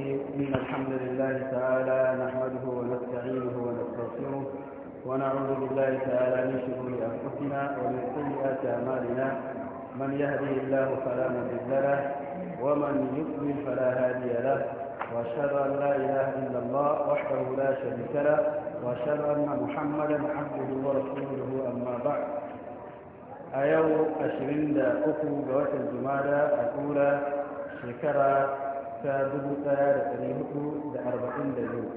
الرجيم إن الحمد لله تعالى نحمده ونستعينه ونستغفره ونعوذ بالله تعالى من شرور أنفسنا ومن سيئات أعمالنا من يهدي الله فلا مضل له ومن يضلل فلا هادي له وأشهد أن لا إله إلا الله وحده لا شريك له وأشهد أن محمدا عبده ورسوله أما بعد أيوم أشرين دا أخو جوات الجمالة أقول شكرا ta dubu ɗaya da ɗari hudu da arba'in da biyu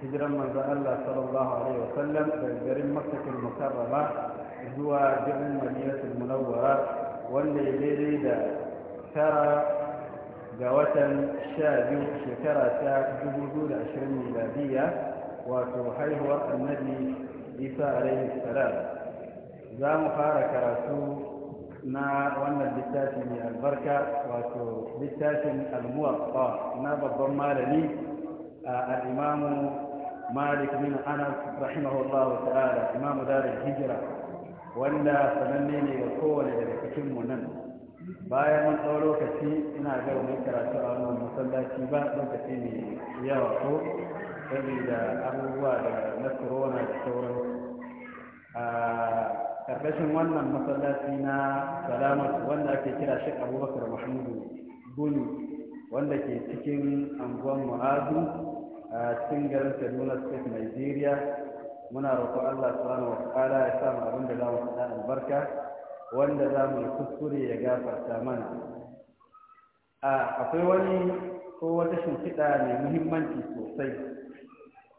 hijiran manzon Allah sallallahu alaihi wa sallam daga garin Makkatul Mukarrama zuwa birnin Madinatul Munawwara wanda ya daidai da tara ga watan sha biyu shekara ta dubu biyu da ashirin miladiya wato haihuwar annabi Isa alaihi salam za mu fara karatu na wannan littafi mai albarka wato littafin almuwatta na babban malami a imamu malik bin anas rahimahullahu ta'ala imamu darin hijira wanda sananne ne ga kowane daga cikin mu nan bayan mun tsawon lokaci ina ga mai karatu a wannan masallaci ba lokaci ne yawa ko saboda abubuwa da na corona da sauran karkashin wannan masallaci na salama wanda ake kira shi abubakar mahmudu guni wanda ke cikin anguwan mu'azu a cikin garin kaduna state nigeria muna roƙon allah subhanahu wa ta'ala ya sa mu abin za mu faɗa albarka wanda za mu kuskure ya gafarta mana a akwai wani ko wata shimfiɗa mai muhimmanci sosai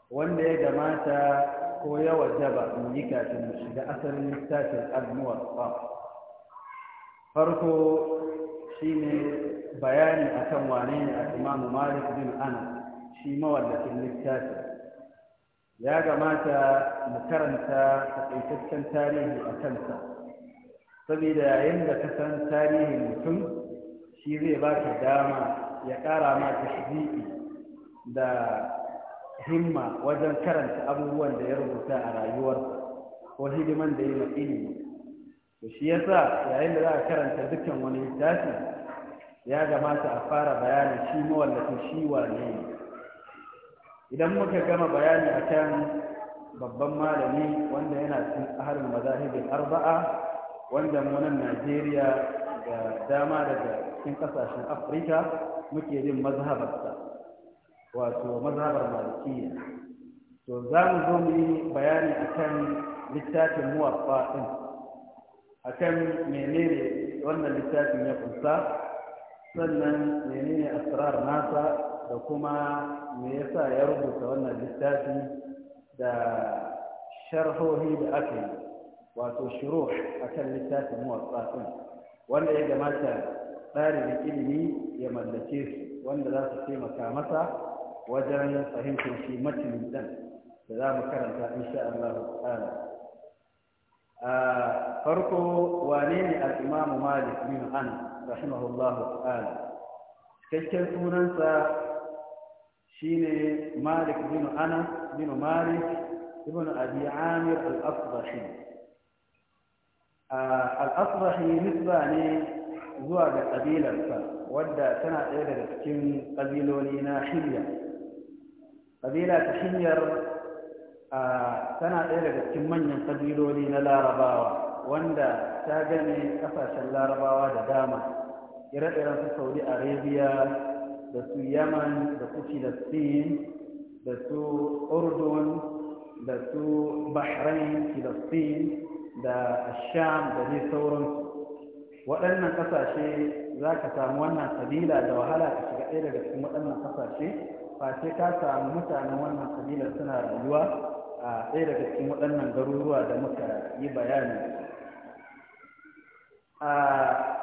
wanda ya gamata ko ya wajaba in yi kafin mu shiga asalin littafin al-muwatta farko shine bayani akan wane ne a imamu malik bin anas shi mawallafin littafin ya gamata mu karanta takaitaccen tarihi a kansa saboda yayin da ka san tarihin mutum shi zai ka dama ya ƙara ma tashbi'i da himma wajen karanta abubuwan da ya rubuta a rayuwar ko hidiman da ya ma ilimi to shi yasa yayin da za a karanta dukkan wani littafi ya gamata a fara bayanin shi mawallafin shi wane ne idan muka gama bayani akan babban malami wanda yana cikin tsarin mazahibin arba'a wanda munan najeriya da dama daga cikin kasashen afirka muke jin mazhabarsa wato mazhabar malikiya to za mu zo mu yi bayani kan littafin muwaffa a kan menene wannan littafin ya kunsa sannan menene asrar nasa da kuma me yasa ya rubuta wannan littafi da sharhohi da aka yi wato shiro akan littafin muwaffa ɗin wanda ya gamata tsarin ilimi ya mallake su wanda za su taimaka masa wajen fahimtar shi matinin ɗan da za mu karanta insha Allah ta'ala farko wane ne al-Imam Malik bin Anas rahimahullah ta'ala cikakken sunansa shine Malik bin Anas bin Malik ibn Abi Amir al-Asbahi al-Asbahi nisba ne zuwa ga kabilarsa wadda tana ɗaya daga cikin ƙabiloli na Hilya ƙabila ta hanyar tana ɗaya daga cikin manyan ƙabiloli na larabawa wanda ta gane ƙasashen larabawa da dama ire-iren su saudi arabia da su yaman da su filistin da su urdun da su bahrain filistin da sham da dai sauransu waɗannan ƙasashe za ka samu wannan ƙabila da wahala ka shiga ɗaya daga cikin waɗannan ƙasashe face ka samu mutanen wannan kabila suna rayuwa a ɗaya daga cikin waɗannan garuruwa da muka yi bayani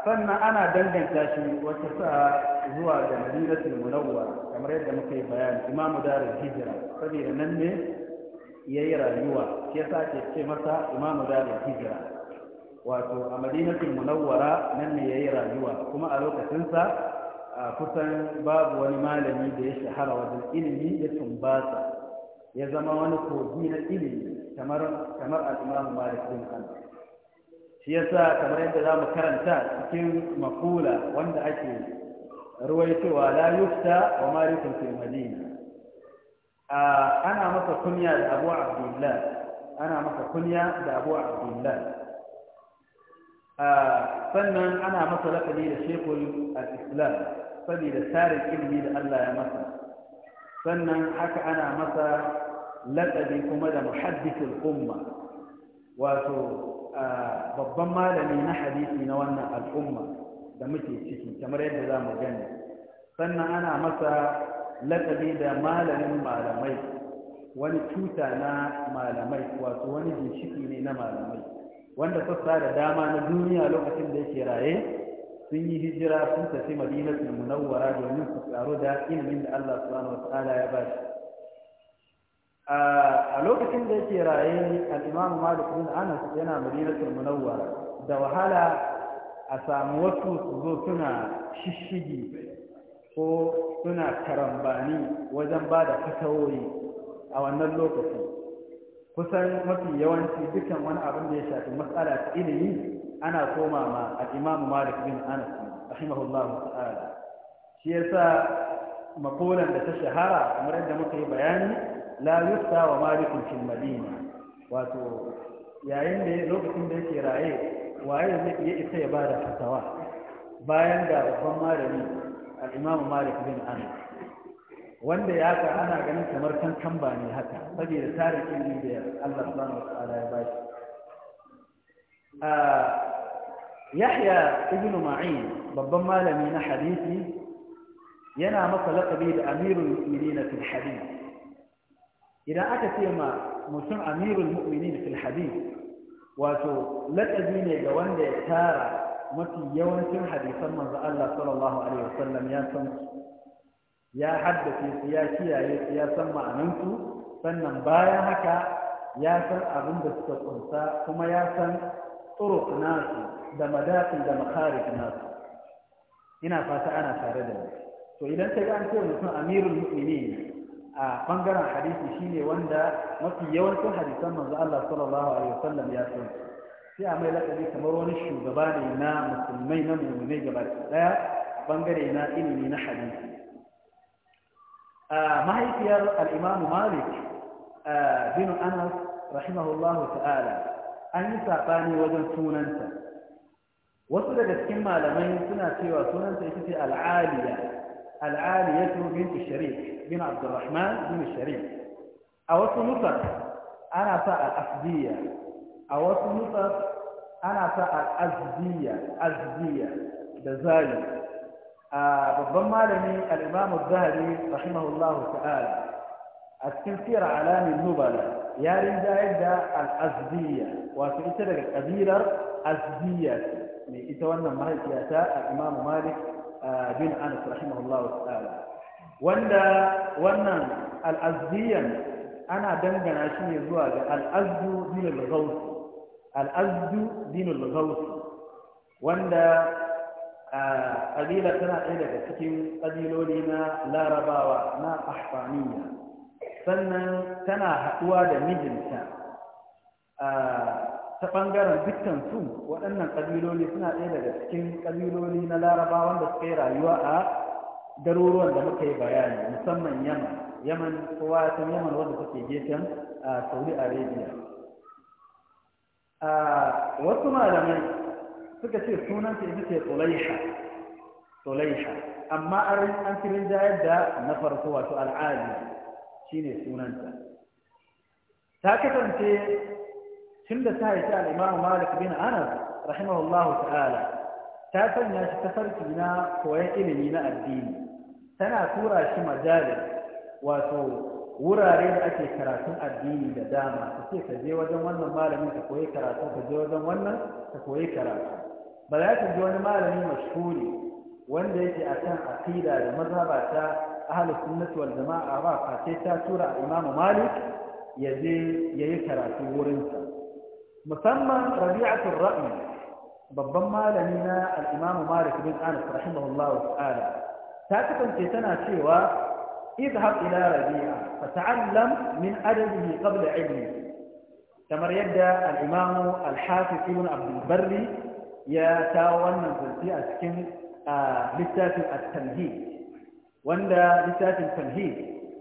sannan ana danganta shi wata sa zuwa da madinatul munawwa kamar yadda muka yi bayani imamu darul hijira saboda nan ne ya rayuwa shi yasa ke ce masa imamu darul hijira wato a madinatul munawwara nan ne ya rayuwa kuma a lokacinsa kusan babu wani malami da ya shahara wajen ilimi ya tumbata ya zama wani kogi na ilimi kamar kamar Malik bin Anas shi yasa kamar yadda mu karanta cikin makula wanda ake ruwaitowa la yufta wa malikun fil madina ana masa kunya da Abu ana masa kunya da Abu Abdullahi. sannan ana masa laƙabi da shekul al-islam saboda tarin ilimi da Allah ya masa sannan haka ana masa laƙabi kuma da muhaddisul umma wato babban malami na hadisi na wannan al'umma da muke ciki kamar yadda za mu gani sannan ana masa laƙabi da malamin malamai wani tuta na malamai wato wani ginshiki ne na malamai wanda sassa da dama na duniya lokacin da yake raye sun yi hijira sun tafi madinatu munawwara domin su tsaro da ilimin da Allah subhanahu wataala ya ba shi a lokacin da yake raye al-Imam Malik bin Anas yana madinatu munawwara da wahala a samu wasu su zo suna shishigi ko suna karambani wajen ba da fatawoyi a wannan lokacin kusan mafi yawanci dukkan wani abin da ya shafi matsala ta ilimi ana koma ma al-imamu malik bin anas rahimahullahu ta'ala shi yasa makolan da ta shahara kamar yadda muka yi bayani la yusta wa malikun fil madina wato yayin da lokacin da yake raye waye zai iya isa ya bada fatawa bayan da babban malami al imam malik bin anas wanda ya ga ana ganin kamar kan kamba ne haka saboda tarin ilimi da Allah subhanahu wa ta'ala ya ba Yahya ibn Ma'in babban malami na hadisi yana masa laƙabi da amirul mu'minin fil hadith idan aka ce ma mutum amirul mu'minin fil hadith wato laƙabi ne ga wanda ya tara mafi yawancin hadisan manzo Allah sallallahu alaihi wasallam ya san ya haddace su ya kiyaye su ya san ma'anansu sannan bayan haka ya san abin da suka kunsa kuma ya san turuk nasu da madafin da makarik nasu ina fata ana tare da ni to idan ta gani an ce mutum amirul mu'minin a bangaren hadisi shine wanda mafi yawancin hadisan manzo Allah sallallahu alaihi wasallam ya san sai a mai lakabi kamar wani shugaba ne na musulmai na mu'minai gaba daya bangare na ilimi na hadisi آه، ما هي الإمام مالك آه، بن أنس رحمه الله تعالى أن يساقاني وجن سننت وصدق كما لمن سنة سوى سننت يتسي العالية العالية بنت الشريف بن عبد الرحمن بن الشريف أو سنصر أنا ساء الأفضية أو سنصر أنا ساء الأزدية أزدية بذلك babban malami al'imamu zahari rahimahullahu ta'ala a cikin sira alamin nubala ya rinjayar da al'azdiya wato ita daga ƙabilar azdiya mai ita wannan mahaifiyata al'imamu malik bin anas rahimahullahu ta'ala wanda wannan al'azdiyan ana dangana shi ne zuwa ga al'azdu dinul gausu al'azdu dinul gausu wanda ƙabila tana ɗaya daga cikin ƙabiloli na larabawa na ahfaniya sannan tana haɗuwa da mijinta ta ɓangaren dukkan su waɗannan ƙabiloli suna ɗaya daga cikin ƙabiloli na larabawa da suka yi rayuwa a garuruwan da muka yi bayani musamman yaman yaman kowa ya san yaman wanda take gefen saudi arabia wasu malamai suka ce sunanta ita ce tsulaiha tsulaiha amma an filin jayar da na farko wato al'adu shine sunanta ta kasance tun da ta haifi al'imamu malik bin anas rahimahullahu ta'ala ta sanya shi tafarki na koyon ilimi na addini tana tura shi majalis wato wurare da ake karatun addini da dama ka ce ka je wajen wannan malamin ka koyi karatu ka je wajen wannan ka koyi karatu ba za ka ji wani malami mashhuri wanda yake akan aqida da mazhaba ta ahlus sunnati wal jama'a ba fa sai ta tura imam malik ya je yayi karatu wurinsa musamman rabi'atul ra'i babban malami na al-imam malik bin anas rahimahullahu ta'ala ta kasance tana cewa izhab ila rabi'a fata'allam min adabihi qabla ilmi kamar yadda al-imam al-hafiz ibn abdul barri ya kawo wannan zance a cikin littafin at-tamhid wanda littafin tamhid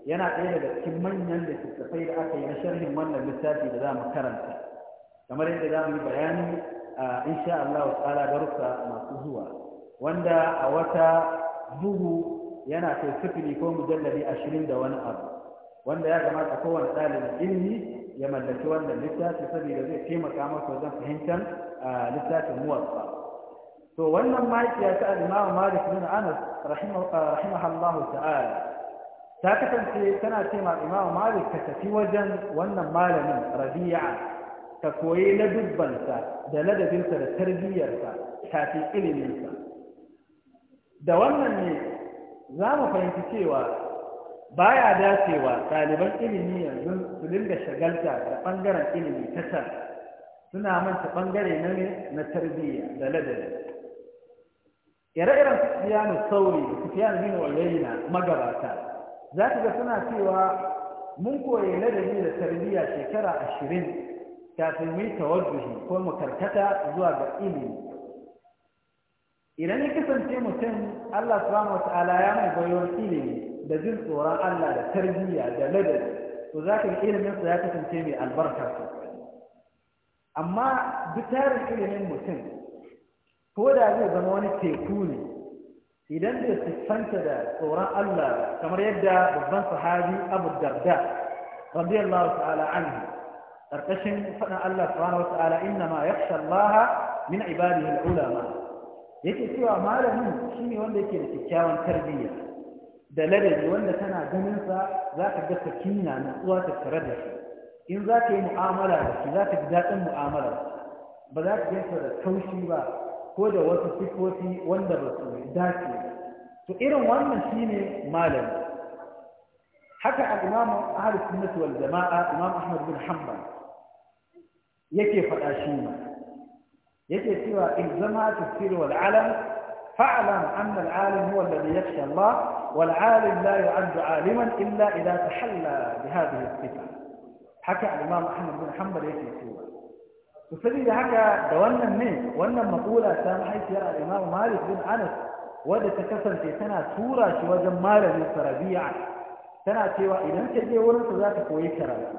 yana ɗaya daga cikin manyan tafai da aka yi na sharhin wannan littafi da za mu karanta kamar yadda za mu yi bayani a insha Allah ta'ala darussa masu zuwa wanda a wata bugu yana kai sifili ko mujallabi ashirin da wani abu wanda ya kamata kowane ɗalibin ilimi ya mallaki wannan littafi saboda zai taimaka masa wajen fahimtar littafin muwatsa to wannan makiya ta al-Imam Malik bin Anas rahimahullahu ta'ala ta kasance tana ce ma Imam Malik ka tafi wajen wannan malamin Rabi'a ka koyi ladubbansa da ladabinsa da tarbiyyarsa kafin iliminsa da wannan ne za mu fahimci cewa baya dacewa ɗaliban ilimi yanzu su dinga shagalta da ɓangaren ilimi ta suna manta ɓangare na ne na tarbiyya da ladabi ire-iren sufiyanu sauri da sufiyanu bin walaina magabata za ka ga suna cewa mun koyi ladabi da tarbiyya shekara ashirin kafin mu yi tawajjuhi ko mu karkata zuwa ga ilimi idan ya kasance mutum Allah subhanahu wa ta'ala ya mai bayon ilimi da jin tsoron Allah da tarbiyya da ladabi to za ka ga ilimin sa ya kasance mai albarka amma duk tarin ilimin mutum ko da zai zama wani teku ne idan bai siffanta da tsoron Allah kamar yadda babban sahabi Abu Darda radiyallahu ta'ala anhu karkashin faɗan Allah subhanahu wata'ala inna ma yakhsha Allah min ibadihi al-ulama yake cewa malamin shine wanda yake da kyakkyawan tarbiyya da ladabi wanda tana ganin sa zaka ga sakina na ta tare da shi in za ka yi mu'amala da shi za ka ji daɗin mu'amala ba za ka yanka da taushi ba ko da wasu sifofi wanda ba su dace to irin wannan shi ne malami haka a imam ahlus sunnah wal jamaa imam ahmad bin hanbal yake faɗa shi ma yake cewa in zama tafsir wal alam fa'lam anna al-alim huwa alladhi yakhsha Allah wal alim la yu'addu aliman illa idha tahalla bi hadhihi as-sifah haka al-imam Ahmad bin Hanbal yake cewa to saboda haka da wannan ne wannan maqula ta mahaifiyar al-imam Malik bin Anas wadda ta kasance tana tura shi wajen malamin Rabi'a tana cewa idan ka je wurin sa za ta koyi karatu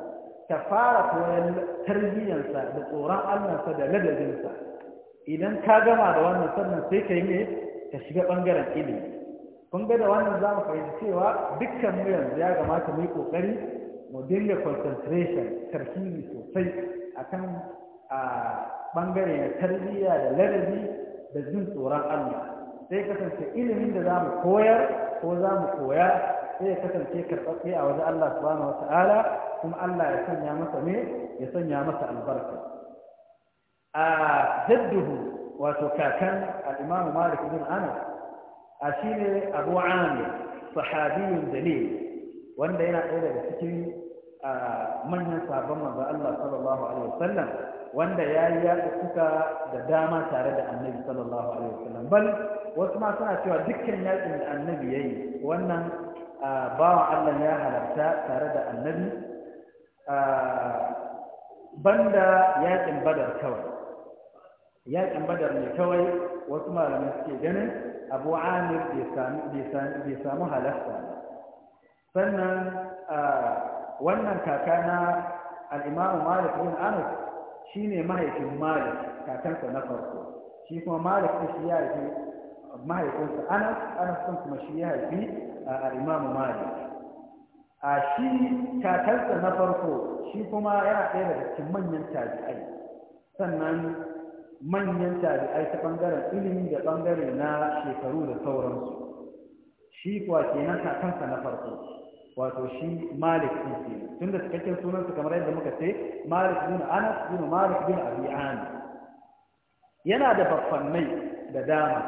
ta fara koyan tarbiyyarsa da tsoron sa da ladabinsa idan ka gama da wannan sannan sai ka yi ne ka shiga bangaren ilimi kun ga da wannan za mu fahimci cewa dukkan mu yanzu ya gamata mu yi kokari mu dinga concentration tarkibi sosai akan a bangare na tarbiyya da ladabi da jin tsoron Allah sai kasance ilimin da zamu koyar ko zamu koya sai kasance karɓaɓɓe a wajen Allah subhanahu wata'ala kuma Allah ya sanya masa ne ya sanya masa albarka a jadduhu wato kakan al-Imam Malik ibn Anas a shine Abu Amir sahabiyun dalil wanda yana ɗaya daga cikin manyan sabon manzo Allah sallallahu alaihi wasallam wanda ya yi ya da dama tare da annabi sallallahu alaihi wasallam bal wasu ma suna cewa dukkan yaƙin da annabi ya yi wannan bawan Allah ya halarta tare da annabi banda yaƙin badar kawai yaƙin badar ne kawai wasu malamai suke ganin abu amir bai samu halarta sannan wannan kaka na al'imamu malik bin anas shi ne mahaifin malik kakansa na farko shi kuma malik ɗin shi ya haifi mahaifinsa anas anas ɗin kuma shi ya haifi al'imamu malik a shi kakansa na farko shi kuma yana ɗaya daga cikin manyan tabi'ai sannan manyan tabi'ai ta ɓangaren ilimi da ɓangare na shekaru da sauransu shi kuwa kenan kakansa na farko wato shi malik din ke tun da cikakken sunansa kamar yadda muka ce malik bin anas bin malik bin abi yana da baffannai da dama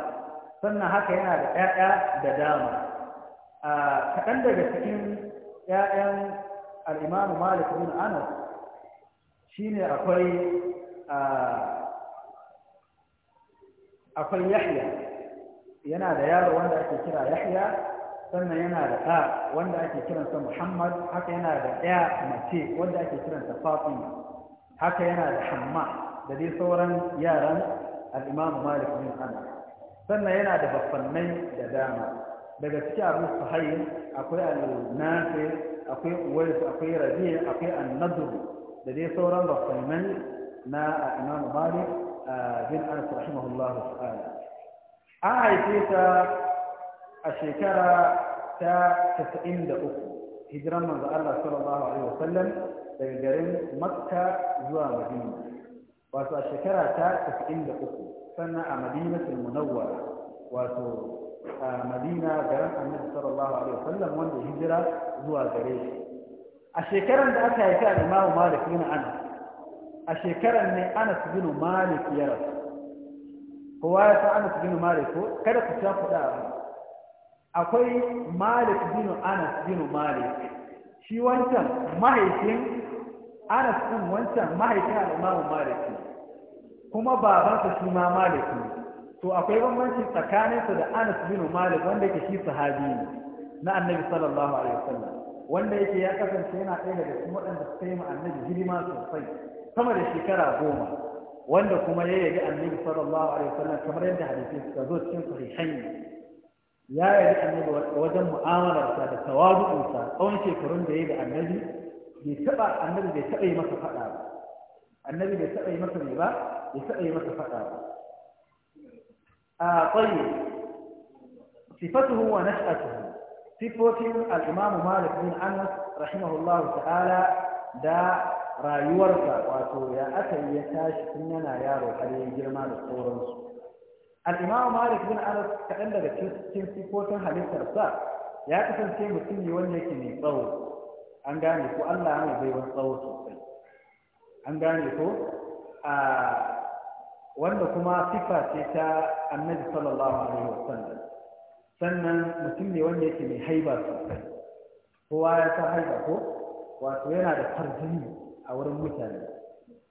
sannan haka yana da ƴaƴa da dama a kaɗan daga cikin ƴaƴan al'imamu malik bin anas shine akwai akwai yahya yana da yaro wanda ake kira yahya sannan yana da ɗa wanda ake kiransa muhammad haka yana da ɗaya mace wanda ake kiransa fatima haka yana da hamma da dai sauran yaran al al'imamu malik bin anas sannan yana da bafannai da dama daga ciki abu suhayi akwai al-nafi akwai uwais akwai rabi akwai an-nadr da dai sauran bafannai na imamu malik ah, bin anas rahimahullahu ta'ala an haife ta a shekara ta 93 hijiran manzo Allah sallallahu alaihi wasallam daga garin Makka zuwa Madina wato a shekara ta 93 sannan a Madinatul Munawwara wato a Madina garin Annabi sallallahu alaihi wasallam wanda hijira zuwa gare shi a shekaran da aka haifi al-Imam Malik bin Anas a shekaran ne Anas bin Malik ya rasu kowa ya san Anas bin Malik ko kada ku ta faɗa akwai malik bin anas bin malik shi wancan mahaifin anas din wancan mahaifin al'imamu malik kuma babansa shi ma malik to akwai bambanci tsakaninsa da anas bin malik wanda yake shi sahabi ne na annabi sallallahu alaihi wasallam wanda yake ya kasance yana ɗaya daga cikin waɗanda suka yi annabi girma sosai sama da shekara goma wanda kuma ya yabi annabi sallallahu alaihi wasallam kamar yadda hadisi suka zo cikin sahihain ya yi annabi wajen mu'amalarsa da tawadu'unsa tsawon shekarun da ya da annabi bai taɓa annabi bai taɓa yi masa faɗa ba annabi bai taɓa yi masa ne ba bai taɓa yi masa faɗa ba a tsayi sifatuhu wa nash'atuhu sifofin al-imamu malik bin anas rahimahullahu ta'ala da rayuwarsa wato ya aka yi ya tashi tun yana yaro har ya girma da sauransu al'imamu malik bin anas kaɗan daga cikin sifofin halittarsa ya kasance mutum ne wanda yake mai tsawo an gane ko allah mai baiwar tsawo sosai an gane ko a wanda kuma sifa ce ta annabi sallallahu alaihi wasallam sannan mutum ne wanda yake mai haiba sosai kowa ya san haiba ko wato yana da farjini a wurin mutane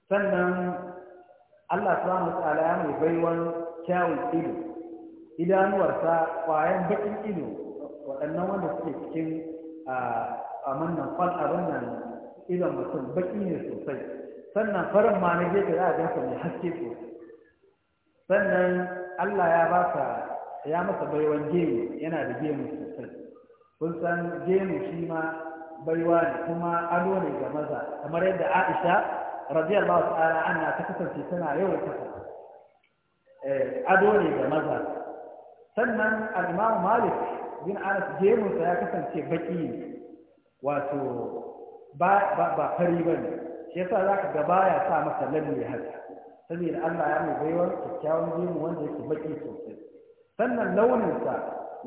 sannan Allah subhanahu wa ta'ala ya mai baiwan kyawun ido idanuwarsa kwayan baƙin ido waɗannan wanda suke cikin a manna fal abin nan idon mutum baƙi ne sosai sannan farin ma na gefe za a gansa mai haske sosai sannan Allah ya ba ka ya masa baiwan gemu yana da gemu sosai kun san gemu shi ma baiwa ne kuma ado ne ga maza kamar yadda Aisha radiyallahu ta'ala anna ta kasance tana yawan kasa Eh, ado ne ga maza sannan al-imam malik bin anas jemunsa ya kasance baki wato ba fari ba ne shi yasa za ka ga baya sa masa lalle haka saboda Allah ya mai baiwar kyakkyawan jemu wanda yake baki sosai sannan launinsa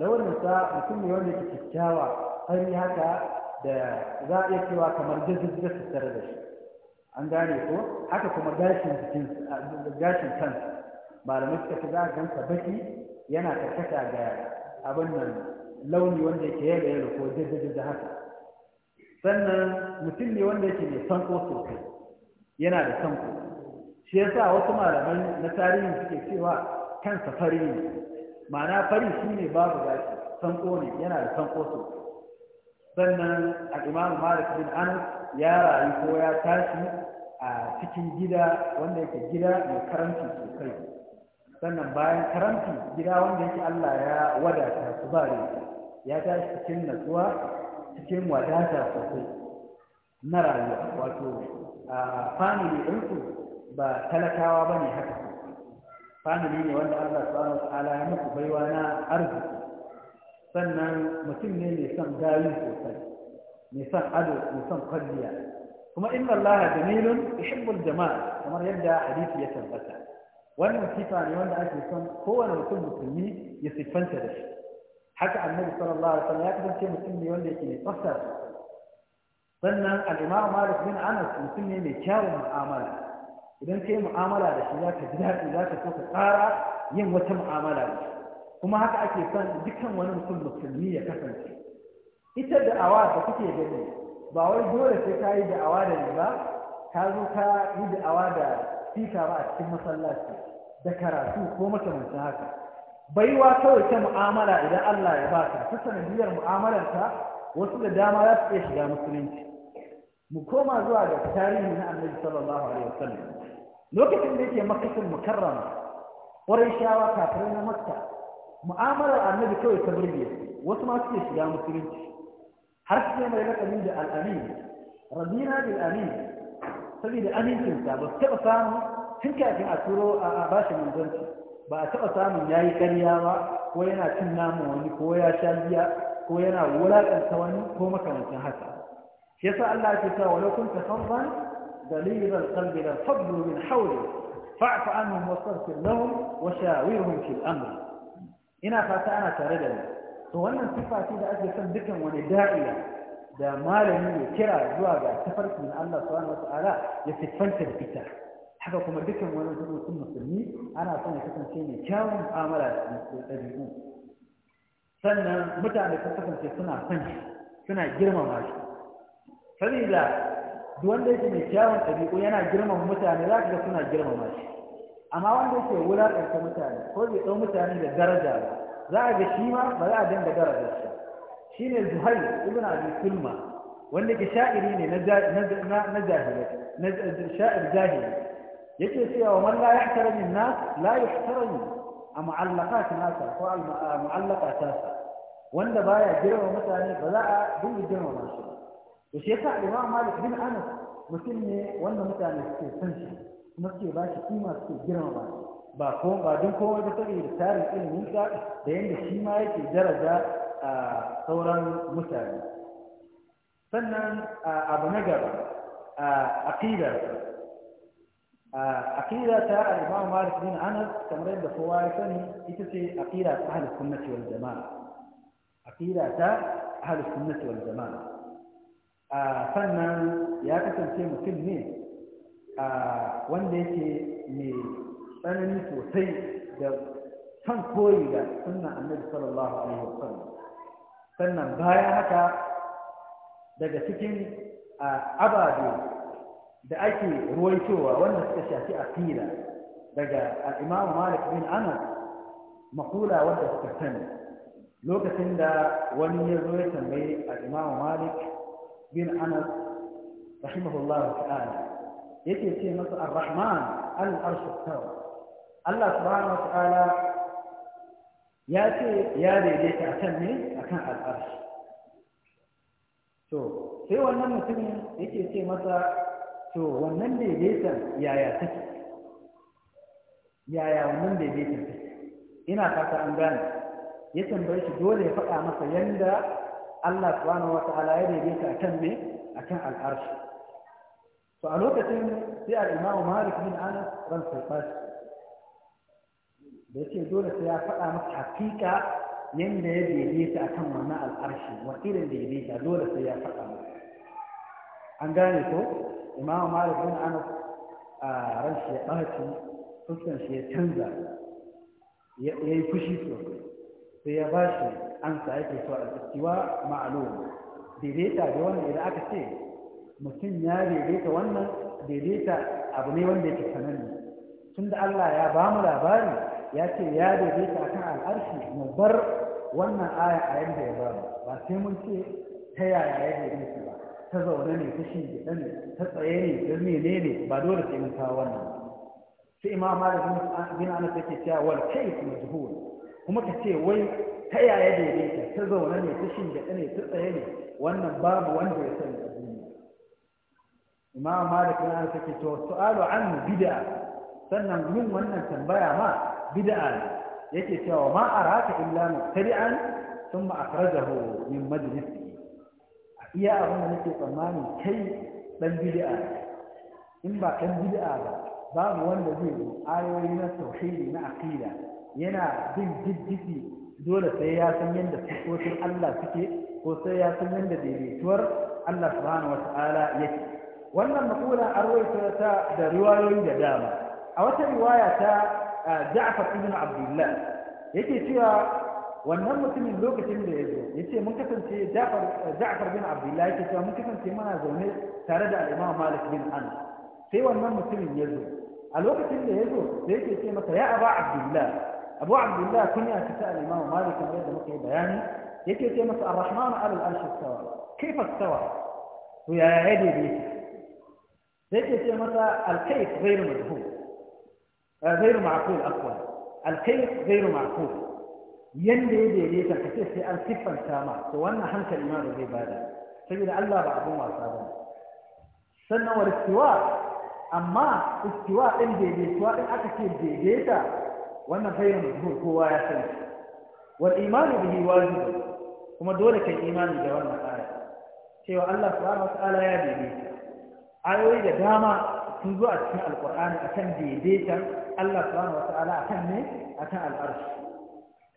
launinsa mutum ne wanda yake kyakkyawa fari haka da za a iya cewa kamar da su tare da shi an gane ko haka kuma gashin jikin gashin kansa malamai suka fi za gansa baki yana karkata ga abin nan launi wanda yake yalo yalo ko da haka sannan mutum ne wanda yake mai sanko sosai yana da sanko shi yasa wasu malamai na tarihi suke cewa kansa fari ne ma'ana fari shi ne babu gashi sanko ne yana da sanko sosai sannan al'imamu malik bin anas ya rayu ko ya tashi a cikin gida wanda yake gida mai karanci sosai sannan bayan karanti gida wanda yake Allah ya wadata su ba ya tashi cikin natsuwa cikin wadata sosai na rayuwa wato a family ɗinsu ba talakawa ba ne haka family ne wanda Allah subhanahu wataala ya muku baiwa na arziki sannan mutum ne mai son gayu sosai mai son ado mai son kwalliya kuma inna Allah jamilun yuhibbul jama'a kamar yadda hadisi ya tabbata wannan sifa ne wanda ake son kowane mutum musulmi ya siffanta da shi haka annabi sallallahu alaihi wasallam ya kasance mutum ne wanda yake mai tsafta sannan al-imam malik bin anas mutum ne mai kyawun mu'amala idan kai mu'amala da shi zaka ji daɗi zaka so ka tsara yin wata mu'amala da shi kuma haka ake son dukkan wani mutum musulmi ya kasance ita da awa da kuke gani ba wai dole sai ka yi da'awa da ni ba ka zo ka yi da'awa da fita ba a cikin masallaci da karatu ko makamancin haka baiwa kawai ta mu'amala idan Allah ya baka ta sanadiyar mu'amalarta wasu da dama za su iya shiga musulunci mu koma zuwa ga tarihi na annabi sallallahu alaihi wasallam lokacin da yake makasar mukarrama ƙwarai shawa kafirai na makka mu'amalar annabi kawai ta burge wasu ma suke shiga musulunci har su ne mai lakabi da al'amin rabina bil amin saboda amincinsa ba su taɓa samu tun kafin a turo a bashi manzanci ba a taɓa samun ya yi ƙarya ba ko yana cin naman wani ko ya sha biya ko yana wulaƙanta wani ko makamancin haka shi yasa Allah ke sa walau kun tafarran dalilal qalbi lan fadlu min hawli fa'fu anhum wastaghfir lahum wa shawirhum fil amr ina fata ana tare da ni to wannan sifa ce da ake son dukan wani da'iya da malami ya kira zuwa ga na Allah subhanahu wa ta'ala ya siffanta da ita haka kuma dukkan wani sun musulmi ana son ya kasance mai kyawun mu'amala da ɗabi'u sannan mutane su kasance suna son shi suna girmama shi saboda wanda yake mai kyawun ɗabi'u yana girmama mutane za ka ga suna girmama shi amma wanda yake wulaƙanta mutane ko bai ɗau mutane da daraja ba za a ga shi ma ba za a dinga daraja shi shi ne Zuhai, ibn abi sulma wanda ke sha'iri ne na jahilai na sha'ir jahili yake cewa man la yahtarami nas la yahtarami a mu'allaqat nasa ko mu'allaqat nasa wanda baya girma mutane ba za a dinga girma shi to shi yasa Imam Malik bin Anas mutum ne wanda mutane suke san shi kuma suke ba shi kima suke girma ba ko ba don komai ba saboda tarin ilimin sa da yanda shi ma yake daraja a sauran mutane sannan abu na gaba a aqidar aqida ta al-Imam Malik bin Anas kamar yadda kowa ya sani ita ce aqida ta ahlus sunnati wal jama'a aqida ta ahlus sunnati wal jama'a sannan ya kasance mutum ne wanda yake mai tsanani sosai da son koyi da sunnan annabi sallallahu alaihi wasallam sannan bayan haka daga cikin ababe da ake ruwaitowa wanda suka shafi aqida daga al-Imam Malik bin Anas makula wanda suka sani lokacin da wani ya zo ya tambayi al-Imam Malik bin Anas rahimahullahu ta'ala yake ce masa ar-Rahman al-Arsh tawa Allah subhanahu wa ta'ala ya ce ya daidaita a akan ne a kan arsh to sai wannan mutumin yake ce masa to wannan daidaitan yaya take yaya wannan daidaitan take ina fata an gane ya tambaye shi dole ya faɗa masa yanda Allah subhanahu ta'ala ya daidaita akan me akan al'arshi to a lokacin sai al-Imam Malik bin Anas ran sai fashi da yake dole sai ya faɗa masa hakika yanda ya daidaita akan wannan al'arshi wa irin daidaita dole sai ya faɗa masa an gane ko imamu malik bin anas a ran shi ya ɓaci fuskan shi ya canza ya yi fushi sosai sai ya ba shi an sa yake so al'istiwa ma'alum daidaita da wannan idan aka ce mutum ya daidaita wannan daidaita abu ne wanda yake sananne tun da Allah ya ba mu labari ya ce ya daidaita a kan al'arshi mu bar wannan aya a yadda ya ba mu ba sai mun ce ta yaya ya daidaita ba ta zaune ne ta shingiɗa ne ta tsaye ne don mene ne ba dole sai mun kawo wannan sai imam malik bin anas yake cewa wal kayf majhul kuma ka ce wai ta yaya daidaita ta zaune ne ta shingiɗa ne ta tsaye ne wannan babu wanda ya sani a duniya imam malik bin anas yake cewa su'alu anhu bid'a sannan yin wannan tambaya ma bid'a ne yake cewa ma araka illa mubtadi'an thumma akhrajahu min majlisi iya abin da nake tsammani kai dan bid'a in ba dan bid'a ba babu wanda zai yi ayoyi na tauhidi na aqida yana bin diddiki dole sai ya san yadda sifofin Allah suke ko sai ya san yadda daidaituwar Allah subhanahu wata'ala yake wannan makula an rawaita ta da riwayoyi da dama a wata riwaya ta ah, Ja'far ibn Abdullah yake cewa wannan mutumin lokacin da ya zo ya ce mun kasance ja'far bin abdullahi yake cewa mun kasance mana zaune tare da al'imam malik bin anas sai wannan mutumin ya zo a lokacin da ya zo sai yake ce masa ya aba abdullahi abu abdullahi kun ya fita al'imam malik kamar yadda muka yi bayani yake ce masa ar-rahmanu ala al-arshi istawa kaifa istawa to ya ya daidaita sai yake ce masa al-kayf ghayr majhul ghayr ma'qul afwan al-kayf ma'qul yanda ya daidaita ka ce sai an siffanta ma to wannan hankali ma ba zai bada saboda Allah ba abun wasa ba sannan wa istiwa amma istiwa din daidaituwa din aka ce daidaita wannan bayan zuhur kowa ya sani wal imanu bihi wajibi kuma dole kai imani da wannan aya cewa Allah subhanahu wataala ya daidaita ayoyi da dama sun zo a cikin alqur'ani akan daidaitan Allah subhanahu wataala akan ne akan al'arshi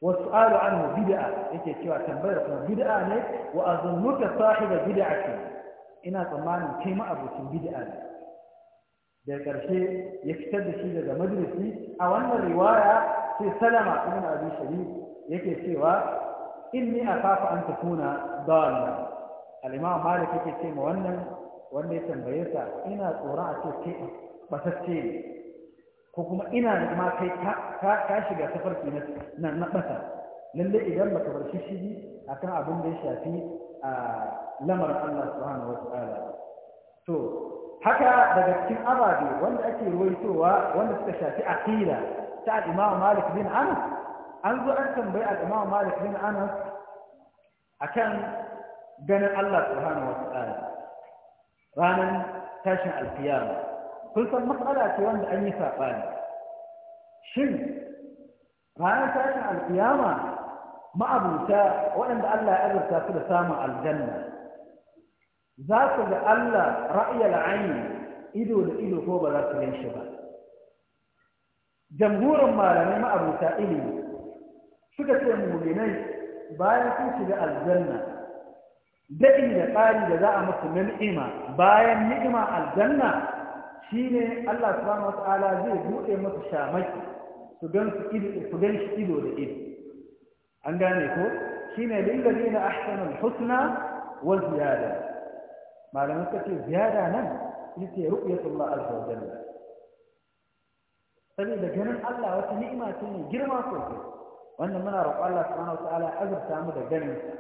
wasu alu an bid'a yake cewa tambayar kuma bid'a ne wa azunnuka sahiba ce ina tsammanin kai ma abokin bid'a ne daga ƙarshe ya fitar da shi daga majalisi a wannan riwaya sai salama ibn abi sharif yake cewa inni akafa an takuna dalla al-imam malik yake ce ma wannan wanda ya tambaye sa ina tsoron a ce kai ne ko kuma ina ma kai ka shiga tafarki na na bata lalle idan baka bar shiri akan abin da ya shafi a lamarin Allah subhanahu wataala to haka daga cikin ababe wanda ake ruwaitowa wanda suka shafi aqida ta al-Imam Malik bin Anas an zo an tambayi al-Imam Malik bin Anas akan ganin Allah subhanahu wataala ranar tashin alkiyama kun san matsala ce wanda an yi saɓani shin ranar tashin alƙiyama ma'abuta waɗanda Allah ya azurta su da samun aljanna za su ga Allah ra'ayar aini ido da ido ko ba za su gan shi ba jamhurin malaman ma'abuta ilimi suka ce muminai bayan sun shiga aljanna daɗi da tsari da za a musu na ni'ima bayan ni'ima aljanna Shi ne Allah subhanahu wataala zai buɗe masa shamaki su gan su ido su gan shi ido da ido an gane ko shine lil ladina ahsanu al husna wa ziyada malamin suka ce ziyada nan yace ru'yatullah azza wa jalla saboda ganin Allah wata ni'ima ce mai girma sosai wannan muna roƙon Allah subhanahu wataala azurta mu da ganin sa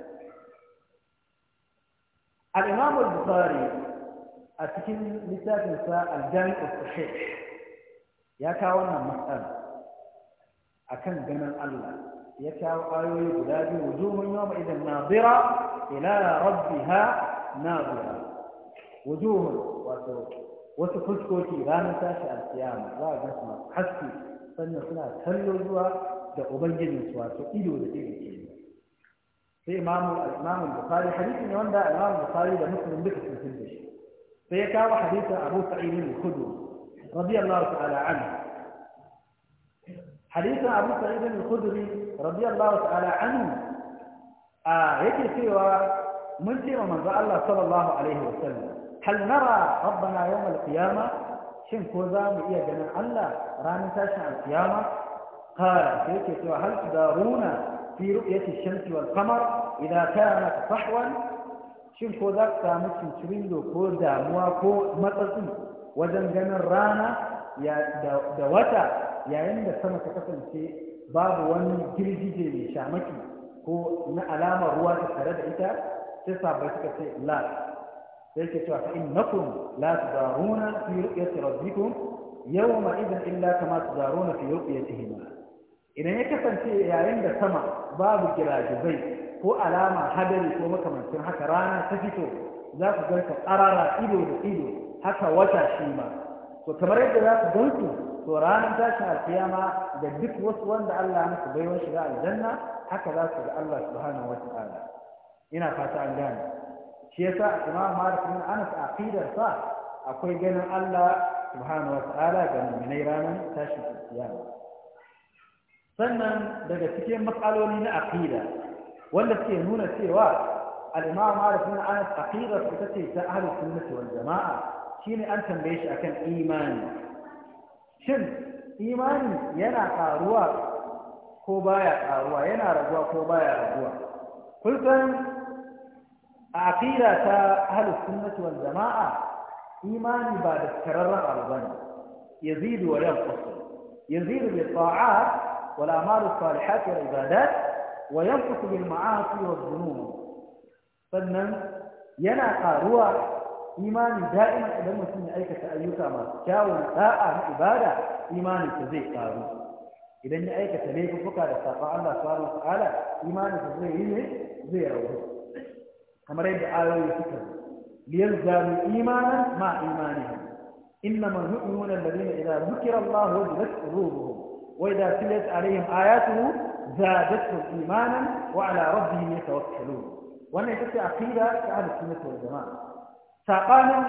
al-imam al-bukhari a cikin littafinsa aljami'ar sahih ya kawo wannan matsala kan ganin Allah ya kawo ayoyi guda biyu wujuhun yawma idan nadira ila rabbiha nadira wujuhun wato wasu fuskoki ranar tashi alkiyama za a gansu masu haske sannan suna kallo zuwa da ubangijinsu wato ido da ido ke sai imamu al-imamu bukhari hadisi ne wanda imamu bukhari da muslim duka sun da shi sai ya kawo hadisa abu sa'idin al-khudri radiyallahu ta'ala anhu hadisa abu sa'idin al-khudri radiyallahu ta'ala anhu a yake cewa mun ce manzo Allah sallallahu alaihi wa sallam hal nara rabbana yawm al-qiyama shin ko za mu iya ganin Allah ranar tashin al-qiyama qala yake cewa hal tadaruna fi ru'yati shamsi wal qamar idha kanat sahwan shin ko za ka samu cincirindo ko damuwa ko matsatsi wajen ganin rana da wata yayin da sama ta kasance babu wani girgije mai shamaki ko na alamar ruwa ta tare da ita sai sabai suka ce la sai ke cewa in nakum la tudaruna fi ru'yati rabbikum yawma idan illa kama tudaruna fi ru'yatihima idan ya kasance yayin da sama babu giragizai ko alama hadari ko makamancin haka rana ta fito za ku ganta ƙarara ido da ido haka wata shi ma to kamar yadda za ku gansu to ranar tashin alkiyama da duk wasu wanda Allah musu baiwan shiga aljanna haka za su ga Allah subhanahu wata'ala ina fata an gane shi yasa Imam Malik bin Anas aqidar sa akwai ganin Allah subhanahu wata'ala ga mu'minai ranar tashin alkiyama sannan daga cikin matsaloli na aqida والتي هنا في سوى الإمام عارف من أنا حقيقة فتتي أهل السنة والجماعة شيني أنت ليش أكن إيمان شن إيمان ينا قاروا كوبايا قاروا ينا رجوة كوبايا رجوة قلت عقيدة أهل السنة والجماعة إيمان بعد تكرر أربعين يزيد ولا يزيد بالطاعات والأعمال الصالحات والعبادات wa yanqusu bil ma'asi wa dhunub sannan yana karuwa imani da'iman idan mutum ya aikata ayyuka masu kyawun da'a na ibada imanin sa zai karu idan ya aikata laifuka da safa Allah subhanahu wa ta'ala imanin sa zai yi ne zai rawu kamar yadda ayoyi suka liyazdaru imanan ma imanihim إنما المؤمنون الذين إذا ذكر الله وجلت قلوبهم وإذا تليت عليهم آياته zadatu imanan wa ala rabbihim yatawakkalun wannan ita ce aqida ta ahlus sunnah wal jamaa sabanan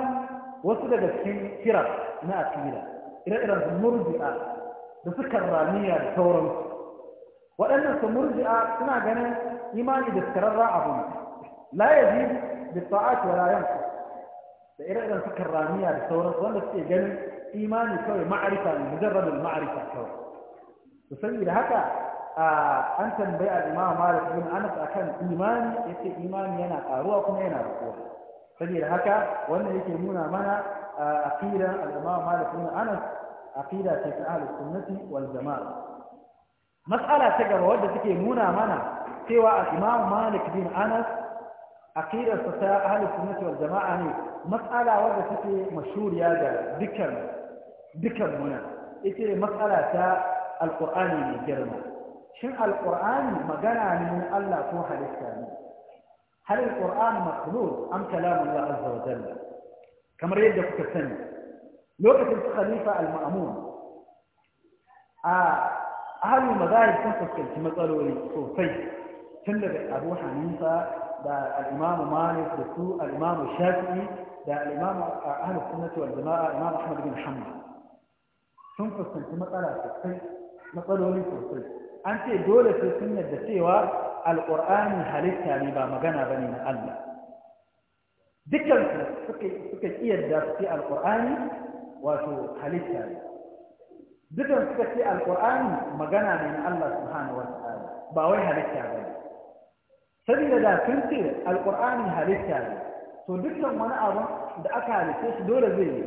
wasu daga cikin kira na aqida ira ira murji'a da suka ramiya da sauran waɗannan su murji'a suna ganin imani da tsararra abu la yajib bi ta'at wa la yanfu da ira ira suka ramiya da sauran wanda suke ganin imani kawai ma'rifa ne mujarrad al-ma'rifa kawai to saboda haka an tambayi al-imam malik bin anas akan imani yace imani yana karuwa kuma yana rakuwa saboda haka wannan yake nuna mana aqidan al-imam malik bin anas aqida ta ahlus sunnati wal jamaa mas'ala ta gaba wadda take nuna mana cewa al-imam malik bin anas aqidar sa ta ahlus sunnati wal jamaa ne mas'ala wadda take mashhuriya ga dukkan dukkan muna ita mas'ala ta al-qur'ani mai girma shin alƙur'ani magana ne na Allah ko halitta ne hal alƙur'ani makhluq am kalamun Allah azza wa jalla kamar yadda kuka sani lokacin su khalifa al-ma'mun a ahlul mazahib sun fuskanci matsaloli sosai tun daga Abu Hanifa da al-Imam Malik da su al-Imam Shafi'i da al-Imam Ahlus Sunnah wal Jama'a Imam Ahmad bin Hanbal sun fuskanci matsala sosai matsaloli sosai an ce dole sai sun yadda cewa alƙur'ani halitta ne ba magana ba ne na Allah dukansu suka yarda su ce alƙur'ani wato halitta ne dukan suka ce alƙur'ani magana ne na Allah subhanahu wa ta'ala ba wai halitta ba ne saboda da sun ce alƙur'ani halitta ne to dukkan wani abu da aka halitta shi dole zai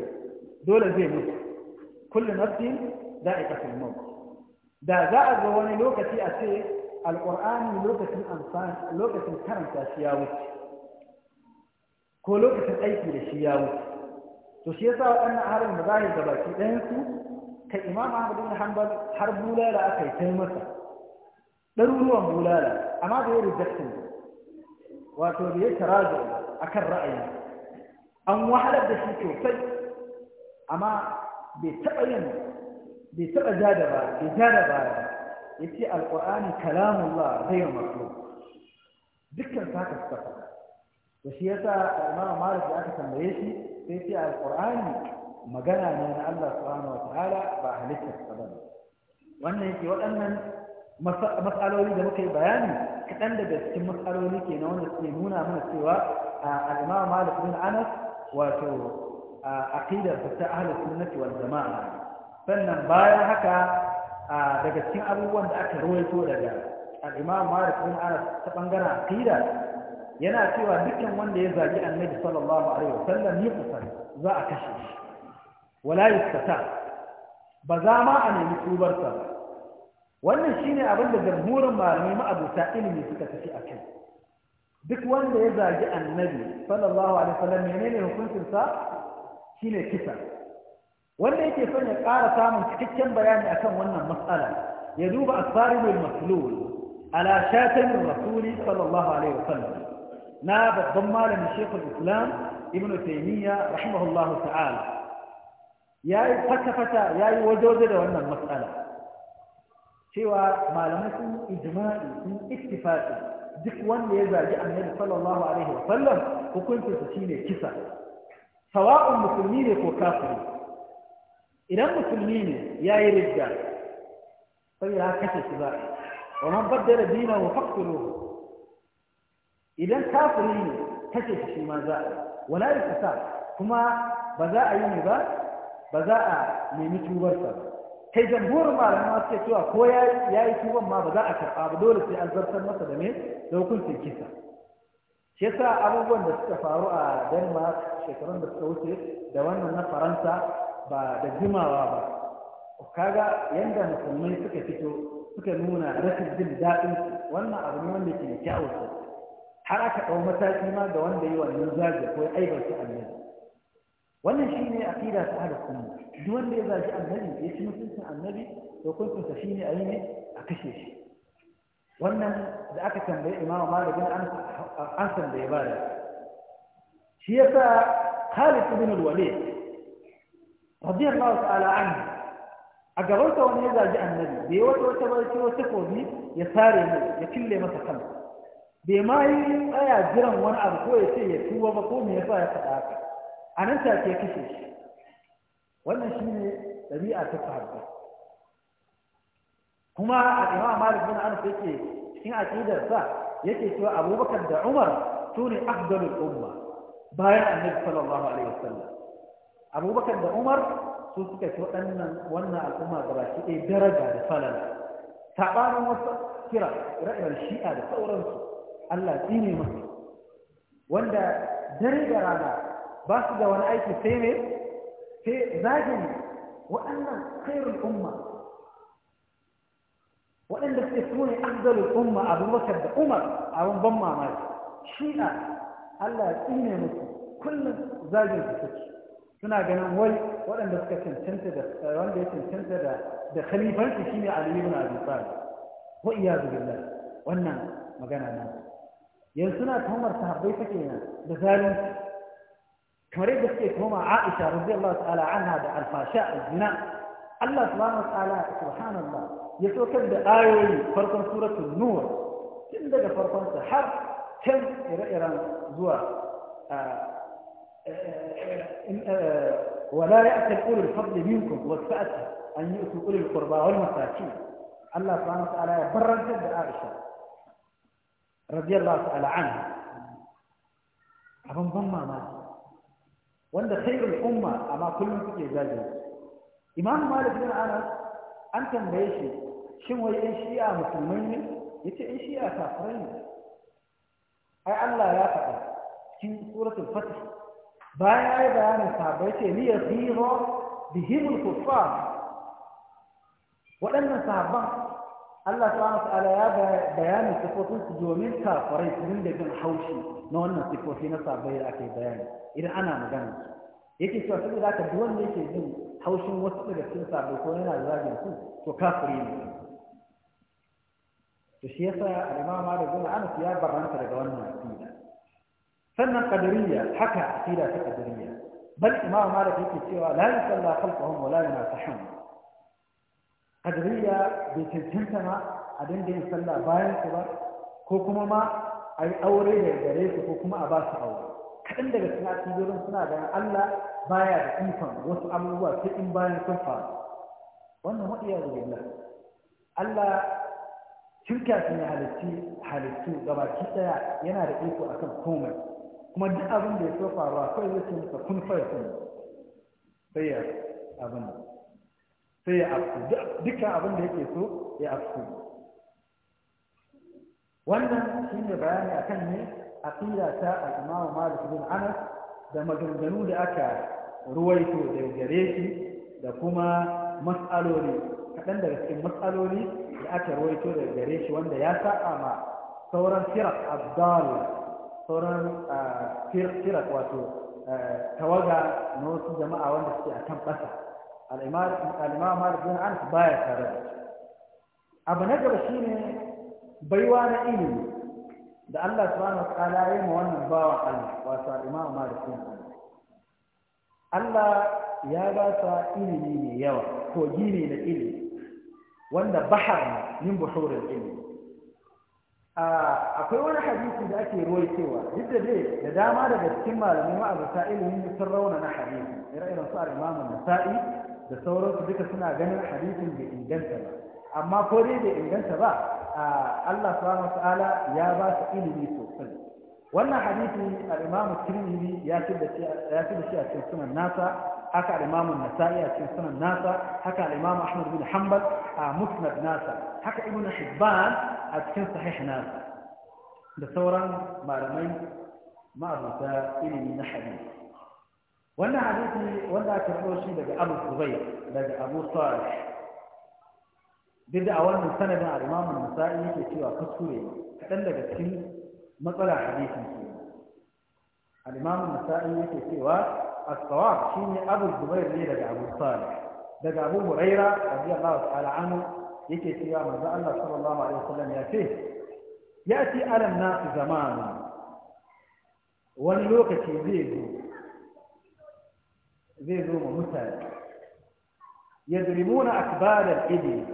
dole zai mutu kullu nafsin da'iqatul maut da za a ga wani lokaci a ce alƙur'ani lokacin amfani lokacin karanta shi ya wuce ko lokacin aiki da shi ya wuce to shi yasa waɗannan harin da zahir da baki ɗayan su ka imam ahmad bin hanbal har bulala aka yi tai masa ɗaruruwan bulala amma da yi rejection wato da ya tarazo akan ra'ayi an wahalar da shi sosai amma bai taɓa yin bai taɓa ja da baya bai ja da baya ya ce alƙur'ani zai mafi dukkan su haka suka faɗa da shi yasa imam malik da aka tambaye shi sai ce alƙur'ani magana ne na Allah subhanahu wa ba halittar sa bane wannan yake waɗannan matsaloli da muka yi bayani kaɗan daga cikin matsaloli ke na wanda suke nuna mana cewa al'imam malik bin anas wato a aƙidar ta ahlus sunnati wal jama'a sannan bayan haka daga cikin abubuwan da aka rawaito daga al'imam malik bin anas ta bangaren aqida yana cewa dukkan wanda ya zagi annabi sallallahu alaihi wasallam ya kusan za a kashe shi wala yustata ba za ma a nemi tubarsa wannan shine abin da jamhurin malamai ma'abuta ilimi suka tafi a kai duk wanda ya zagi annabi sallallahu alaihi wasallam menene hukuncinsa shine kisa wanda yake son ya ƙara samun cikakken bayani akan wannan matsala ya duba asfarimul maslul ala shatanin rasuli sallallahu alaihi sallam. na babban malamin shekul islam ibnu taymiya rahimahullahu ta'ala yi fata fata ya waje-waje da wannan matsala cewa malamai sun ijma'i sun ittifaqi duk wanda ya zagi annabi sallallahu alaihi wa hukuncin sa shine kisa sawa'un musulmi ne ko kafiri idan musulmi ne ya yi ridda sai ya kashe shi ba wa man dina wa faqtuluhu idan kafiri ne kashe shi shi ma za wala yusa kuma ba za a yi ne ba ba za a nemi tubar sa kai jamhurin malama suke cewa ko ya yi tuban ma ba za a karɓa ba dole sai an zartar masa da me da hukuncin kisa shi yasa abubuwan da suka faru a denmark shekarun da suka wuce da wannan na faransa ba da jimawa ba kaga yadda musulmai suka fito suka nuna rashin jin daɗin wannan abu ne wanda ke kyawunsu har aka ɗau mataki ma da wanda yi wannan zagi ko ya aibarta annabi wannan shi ne a fida ta hada kuma duk wanda ya zagi annabi ya ci mutuncin annabi to kuntunsa shi ne a yi ne a kashe shi wannan da aka tambayi imamu malamin an san da ya bada shi yasa khalid ibn al-walid radiyallahu ta'ala anhu a gabansa wani ya zagi annabi bai wata wata barci ce wata komi ya sare mai ya kille masa kan bai ma yi tsaya jiran wani abu ko ya ce ya tuwa ba ko me yasa ya faɗa haka a nan take kashe shi wannan shine ɗabi'a ta sahabbai kuma a imam malik bin anas yake cikin aqidar sa yake cewa abubakar da umar su ne umma bayan annabi sallallahu alaihi wasallam abubakar da umar su suka fi waɗannan wannan al'umma da baki ɗaya daraja da falala saɓanin wasu kira ra'ayar shi'a da sauransu allah tsine masu wanda dare da rana ba su da wani aiki sai ne sai zagin waɗannan khairul umma waɗanda suke su ne umma abubakar da umar abin ban mamaki shi'a allah tsine musu kullum zagin su suke suna ganin wai waɗanda suka cancanta da eh, wanda ya cancanta da da khalifansu shine Ali ibn Abi Talib wa iyadu billah wannan magana na? yanzu suna tuhumar sahabbai fa kenan da zalunci kamar yadda suke tuhuma Aisha radiyallahu ta'ala anha da alfasha al-zina Allah subhanahu wa ta'ala subhanallah ya saukar da ayoyi farkon suratul nur tun daga farkon sa har can ire-iren zuwa ah, ولا يأتي أولي الفضل منكم وسأتى أن يؤتوا أولي القربى والمساكين الله سبحانه وتعالى يبرر جد عائشة رضي الله تعالى عنها abin ban mamaki wanda khairul umma amma kullum kuke jaje imam malik bin anas an tambaye shi shin wai yan shi'a musulmai ne yace yan shi'a kafirai ne ai Allah ya faɗa cikin suratul fatih bayan ya yi bayanin sahabbai ce ni ya zira bihimul kuffar waɗannan sahabban Allah subhanahu wa ta'ala ya bayanin sifofin su domin kafarai su rinda jin haushi na wannan sifofi na sahabbai da aka yi bayani idan ana magana yake cewa saboda haka duk wanda yake jin haushin wasu daga cikin sahabbai ko yana zagin su to kafiri ne to shi yasa al-Imam Malik bin Anas ya barranta daga wannan aqida sannan qadariyya haka aqida ta qadariyya bal imam malik yake cewa la yusalla khalfahum wa la yunasahum qadariyya bai cancanta ma a dinga yin sallah bayan su ba ko kuma ma a yi aure da gare su ko kuma a ba su aure kaɗan daga cikin asibirin suna ganin allah baya da ikon wasu abubuwa sai in bayan sun faru wannan waɗiya da billah allah shirka sun halittu halittu gabaki ɗaya yana da iko akan komai kuma duk abin da ya so faruwa kai zai ce kun fara kun sai ya abin sai ya afku duka abin da yake so ya afku wannan shine bayani akan ne aqida ta al-Imam Malik bin Anas da maganganu da aka ruwaito da gare shi da kuma mas'aloli kaɗan daga cikin mas'aloli da aka ruwaito da gare shi wanda ya sa'a ma sauran firar abdallah sauran firak wato tawaga na wasu jama'a wanda suke a kan ƙasa al'imam malik bin anas baya tare da abu na gaba shine baiwa na ilimi da Allah subhanahu wa ta'ala ya ma wannan bawa Allah wato malik bin anas Allah ya ba sa ilimi mai yawa kogi ne na ilimi wanda bahar ne yin buhurin ilimi akwai wani hadisi da ake ruwaitowa duk da dai da dama daga cikin malamai ma'abuta ilimin sun rauna na hadisi ire-iren su al-imam nasa'i da sauransu duka suna ganin hadisin bai inganta ba amma ko dai bai inganta ba Allah subhanahu wataala ya ba su ilimi sosai wannan hadisi a imam tirmidhi ya fi da shi a cikin sunan nasa هكا الإمام النسائي في سنة ناسا هكا الإمام أحمد بن حنبل آه، مسند ناسا هكا ابن حبان أتكن صحيح ناسا بثورا ما رمين ما أرسى إلي من حبيب وانا حديثي وانا أتفعل شيء لدي أبو الزبير لدي أبو صالح بدا أول من سنة مع الإمام النسائي في سيوة كسوري كأن لدي كل مطلع حديث الإمام النسائي في سيوة الصواب شيني أبو الزبير ليه لدى أبو صالح لدى أبو هريرة رضي الله تعالى عنه يكي يوم الله صلى الله عليه وسلم يأتيه يأتي على الناس زمان ولوكتي زيزو زيزو ومثال يضربون أكبال الإبل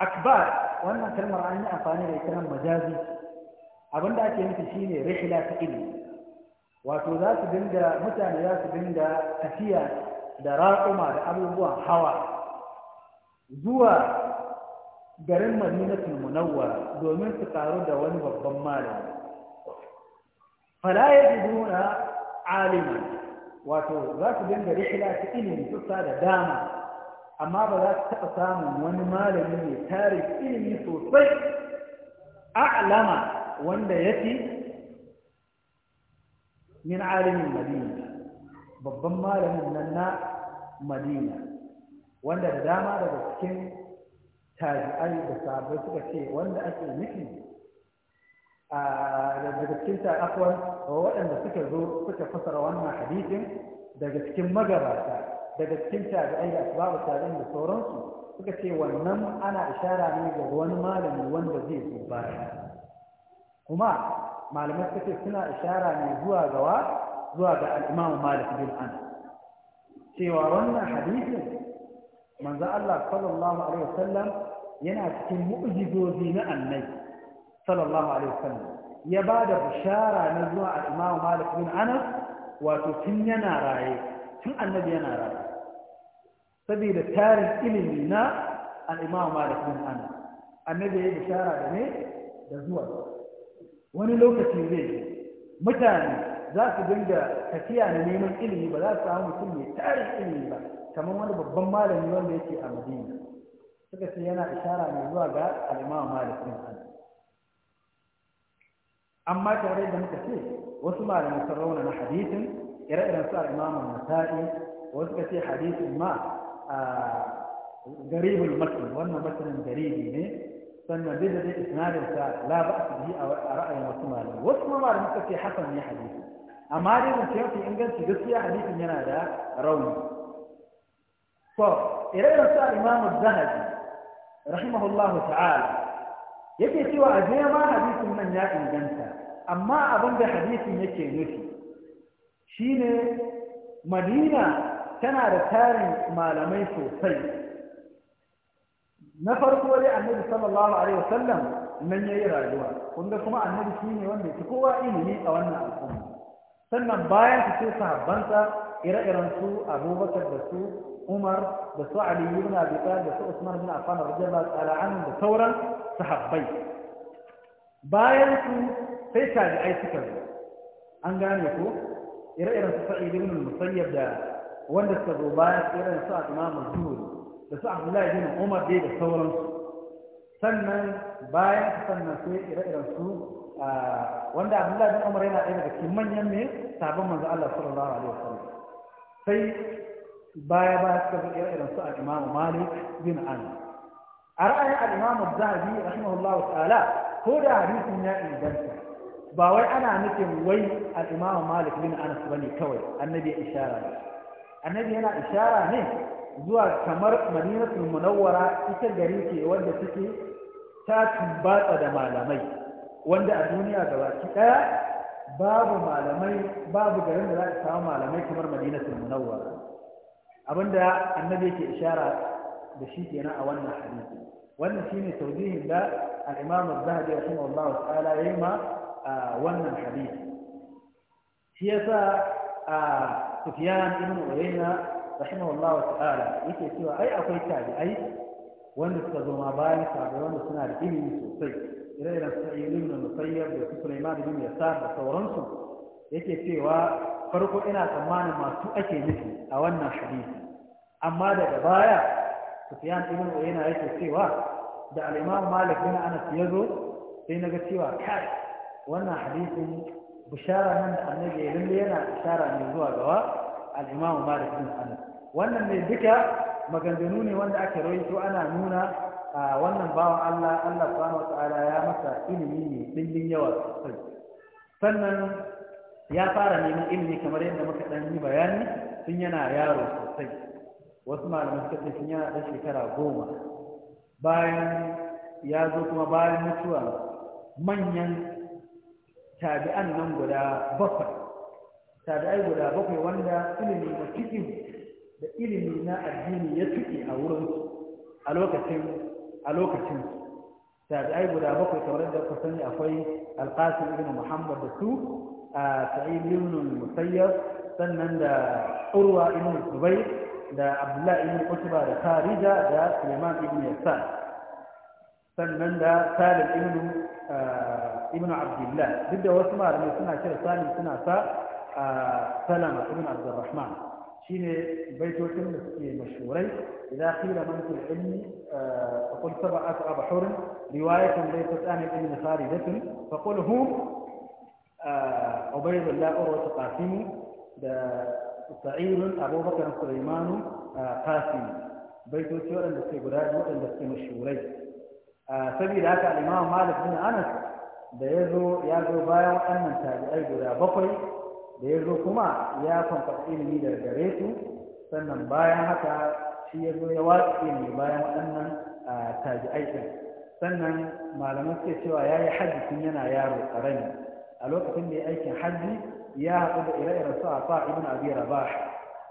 أكبال وأنا كلمة عني أفاني لكلام مجازي أبن دعك يمتشيني رحلة إبل wato za su dinga mutane za su dinga tafiya da raƙuma da abubuwan hawa zuwa garin madinatu munawwara domin su karu da wani babban malami fala yajiduna alimi wato za su dinga rikila ta ilimi tussa da dama amma ba za su taɓa samun wani malami mai tarin ilimi sosai a'lama wanda ya fi min alimin madina babban malamin nan na madina wanda da dama daga cikin tabi'ai da sabai suka ce wanda ake nufi a daga cikin ta'afuwar waɗanda suka zo suka fasara wannan hadisin daga cikin magabata daga cikin tabi'ai da asbabu tabi'in da sauransu suka ce wannan ana ishara ne ga wani malami wanda zai zo baya kuma malamai suka suna ishara ne zuwa gawa zuwa ga al'imamu malik bin an cewa wannan hadisin manzo Allah sallallahu alaihi wasallam yana cikin mu'jizozi na annabi sallallahu alaihi wasallam ya ba da bishara na zuwa al'imamu malik bin anas wato tun yana raye tun annabi yana raye saboda tarin ilimi na al'imamu malik bin anas annabi ya yi bishara da ne da zuwa wani lokaci zai yi mutane za su dinga tafiya na neman ilimi ba za su samu mutum mai tarin ilimi ba kamar wani babban malami wanda yake a madina suka ce yana ishara mai zuwa ga alimawa Malamin An. amma tare da muka ce wasu malamin sun rauna na hadisin ire-iren su al'imamun nasa'i wasu ka ce hadisin ma a ah, garibul matin wannan matinin garibi ne sannan da dai isnadin sa la ba su a ra'ayin wasu malamai wasu ma malamai suka ce hasan ne hadisi amma dai mun ce inganci gaskiya hadisin yana da rauni to ire-iren sa imamu zahabi rahimahullahu ta'ala yake cewa a je ma hadisin nan ya inganta amma abin da hadisin yake nufi shine madina tana da tarin malamai sosai na farko dai annabi sallallahu alaihi wasallam nan yayi rayuwa kun kuma annabi shine wanda ya kowa ilimi a wannan al'umma sannan bayan su sai sahabbansa ire-iren su Abubakar da su Umar da su Ali ibn Abi Talib da su Usman ibn Affan radiyallahu ta'ala anhu da sauran sahabbai bayan su sai tabi'ai suka zo an gane ko ire-iren su Sa'id ibn Musayyab da wanda suka zo bayan irin su Imam Zuhri da su abdullahi bin umar dai da sauransu sannan bayan sannan sai ire-iren su wanda abdullahi bin umar yana ɗaya daga cikin manyan ne sabon manzo Allah sallallahu alaihi wasallam sai baya baya suka bi ire-iren su al-imamu malik bin anas a ra'ayin al-imamu zahabi rahimahullahu ta'ala ko da hadisin ya inganta ba wai ana nufin wai al-imamu malik bin anas bane kawai annabi ya ishara annabi yana ishara ne zuwa kamar madinatul munawwara ita gari ce wanda take ta tumbatsa da malamai wanda a duniya gabaki daya babu malamai babu garin da za ka samu malamai kamar madinatul munawwara abinda annabi yake ishara da shi kenan a wannan hadisi wannan shine tawjihin da al-imam az-zahabi rahimahullah ta'ala yayi ma wannan hadisi shi yasa sufyan ibn uyayna wa ta'ala yake cewa ai akwai tabi'ai wanda suka zo ma bayan tabi'ai wanda suna da ilimi sosai ire-iren ibn musayyab da su Sulaiman ibn Yasar da sauransu yake cewa farko ina tsammanin masu ake nufi a wannan hadisi amma daga baya Sufyan ibn Uyayna yake cewa da al-Imam Malik bin Anas yazo sai naga cewa kai wannan hadisin bishara nan da annabi ya lalle yana ishara ne zuwa gawa al-Imam Malik bin Anas wannan ne duka maganganu ne wanda aka rawaito ana nuna a wannan bawan Allah Allah subhanahu wata'ala ya masa ilimi ne dindin yawa sosai sannan ya fara neman ilimi kamar yadda muka dan yi bayani tun yana yaro sosai wasu malamai suka ce tun yana dan shekara goma bayan ya zo kuma bayan mutuwa manyan tabi'an nan guda bakwai tabi'ai guda bakwai wanda ilimi na cikin da ilimi na addini ya tuki a wurin a lokacin a lokacin tabi'ai guda bakwai kamar da ku sani akwai alqasim ibn muhammad da su a sa'id ibn musayyab sannan da urwa ibn zubair da abdullahi ibn utba da kharija da suleiman ibn yasar sannan da salim ibn ibn abdullah duk da wasu malamai suna cire salim suna sa salama ibn abdurrahman شيني بيتو كلمه في مشهوري اذا قيل من في العلم آه، فقل سبع اسرى بحور روايه ليست ثاني من خارجه فقل هو آه، عبيد الله اروس قاسم سعيد ابو بكر سليمان آه، قاسم بيتو شورن في غراج وطن في مشهوري سبيل هذا الامام مالك بن انس بيزو يا بايع ان من تابعي غراج بقري da ya zo kuma ya kwamfata ilimi daga gare su sannan bayan haka shi ya zo ya watsa ilimi bayan waɗannan tabi'ai ɗin sannan malaman suke cewa ya yi hajji tun yana yaro ƙarami a lokacin da ya aikin hajji ya haɗu da ire-iren su afa ibn abi rabah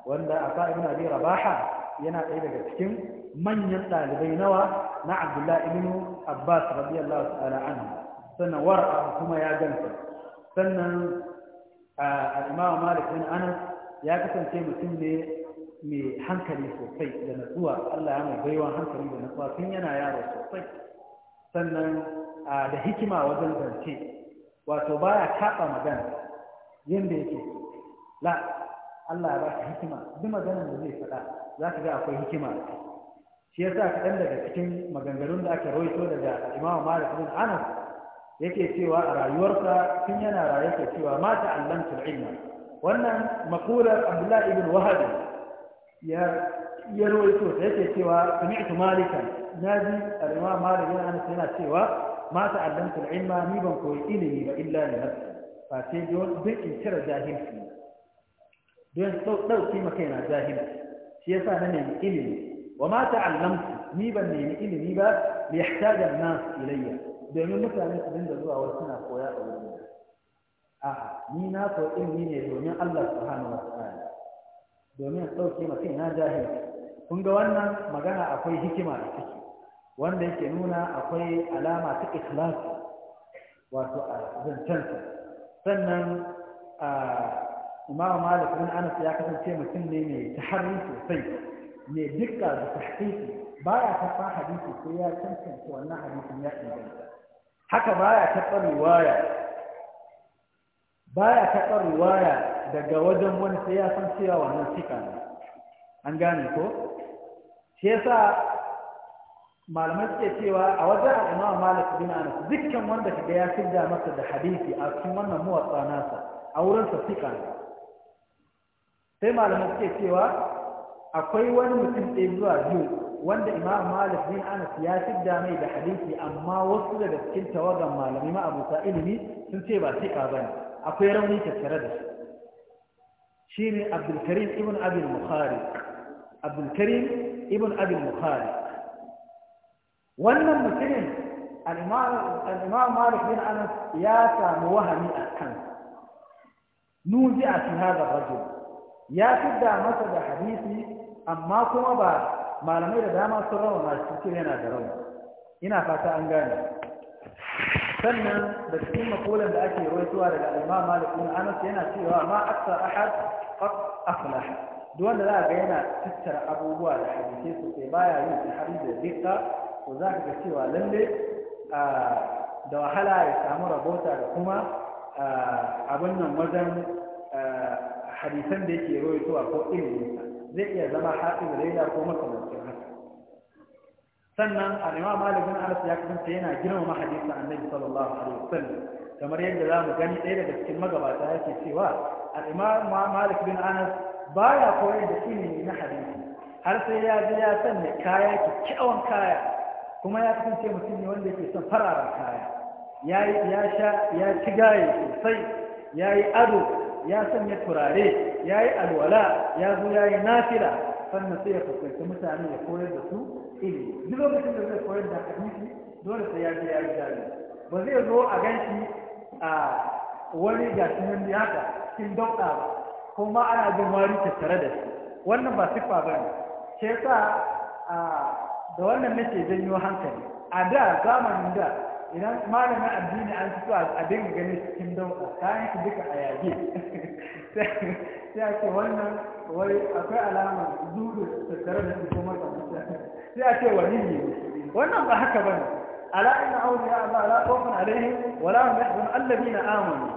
wanda afa ibn abi rabah yana ɗaya daga cikin manyan ɗalibai nawa na abdullahi ibn abbas radiyallahu ta'ala anhu sannan war'a kuma ya gansa sannan al'imamu malik bin anas ya kasance mutum ne mai hankali sosai da natsuwa Allah ya mai baiwa hankali da natsuwa tun yana yaro sosai sannan da hikima wajen zance wato baya taɓa magana yadda yake la Allah ba ka hikima duk maganar da zai faɗa za ka ga akwai hikima shi yasa kaɗan daga cikin maganganun da ake rawaito daga imamu malik bin anas yake cewa a rayuwarsa tun yana raye ke cewa ma allantar ilma wannan maqular abdullahi ibn wahab ya ya rawaito ta yake cewa sami'tu malikan naji al-imam malik yana anas yana cewa ma ta'allamtu ilma ni ban koyi ilimi ba illa li nafsi fa sai don duk in cire jahilci don dauki maka yana jahilci shi yasa na nemi ilimi wa ma ta'allamtu ni ban nemi ilimi ba li yahtaja an-nas ilayya domin mutane su dinga zuwa wasu suna koya a wurin a ni na koyi ilimi ne domin Allah subhanahu wa ta'ala domin sauke ma kai na jahili kun ga wannan magana akwai hikima da ciki wanda yake nuna akwai alama ta ikhlasi wato a zancensa sannan imam malik bin anas ya kasance mutum ne mai taharri sosai mai dukkan da tahqiqi baya ta fa hadisi sai ya cancanta wannan hadisin ya inganta haka baya taɓa riwaya baya taɓa riwaya daga wajen wani sai ya san cewa wannan sika ne an gane ko shi yasa malamai suke cewa a wajen al'imama malik bin anas dukkan wanda kaga ya fidda masa da hadisi a cikin wannan muwatsa nasa a wurinsa sika ne sai malamai suke cewa akwai wani mutum ɗaya zuwa biyu wanda imam malik bin anas ya fidda mai da hadisi amma wasu daga cikin tawagan malami ma'abuta ilimi sun ce ba sika bane akwai rauni tattare da shi shine abdulkarim ibn Abil bukhari abdulkarim ibn abin bukhari wannan mutumin al'imam malik bin anas ya samu wahami a kan nuzi a shi hada ya fidda masa da hadisi amma kuma ba malamai da dama sun rauna masu ce yana da rauni ina fata an gane sannan da cikin makolan da ake rawaitowa daga al-Imam Malik ibn Anas yana cewa ma aksa ahad qad aflah duk wanda za ga yana tattara abubuwa da hadisi sosai baya yin tahari da dikka to za ka ga cewa lalle da wahala ya samu rabota da kuma abin nan wajen hadisan da yake rawaitowa ko ilimin zai iya zama haɗin raina ko makamancin haka sannan a nema malamin anas ya kasance yana girmama hadisin annabi sallallahu alaihi wasallam kamar yadda za mu gani ɗaya daga cikin magabata yake cewa al'imam malik bin anas ya koyar da ilimi na hadisi har sai ya ji ya sanya kaya kyakkyawan kaya kuma ya kasance mutum ne wanda yake son fararen kaya ya sha ya ci gaye sosai ya yi ado ya sanya turare ya yi alwala ya zo ya yi nafila sannan sai ya fuskanci mutane ya koyar da su ilimi duk lokacin da zai koyar da hadisi dole sai ya je ya yi jari ba zai zo a gaishi a wani gashi nan da haka Kin dauɗa ba kuma ana jin wari tattare da shi wannan ba siffa ba ne ke sa da wannan nake janyo hankali a da zamanin da idan malamin addini an fito a dinga ganin cikin dauka kayan shi duka a yage sai a ce wannan wai akwai alama zuru tattare da cikin mata sai a ce wani ne wannan ba haka ba bane ala ya awliya ala la khawfun Wala wa la hum yahzanun na amanu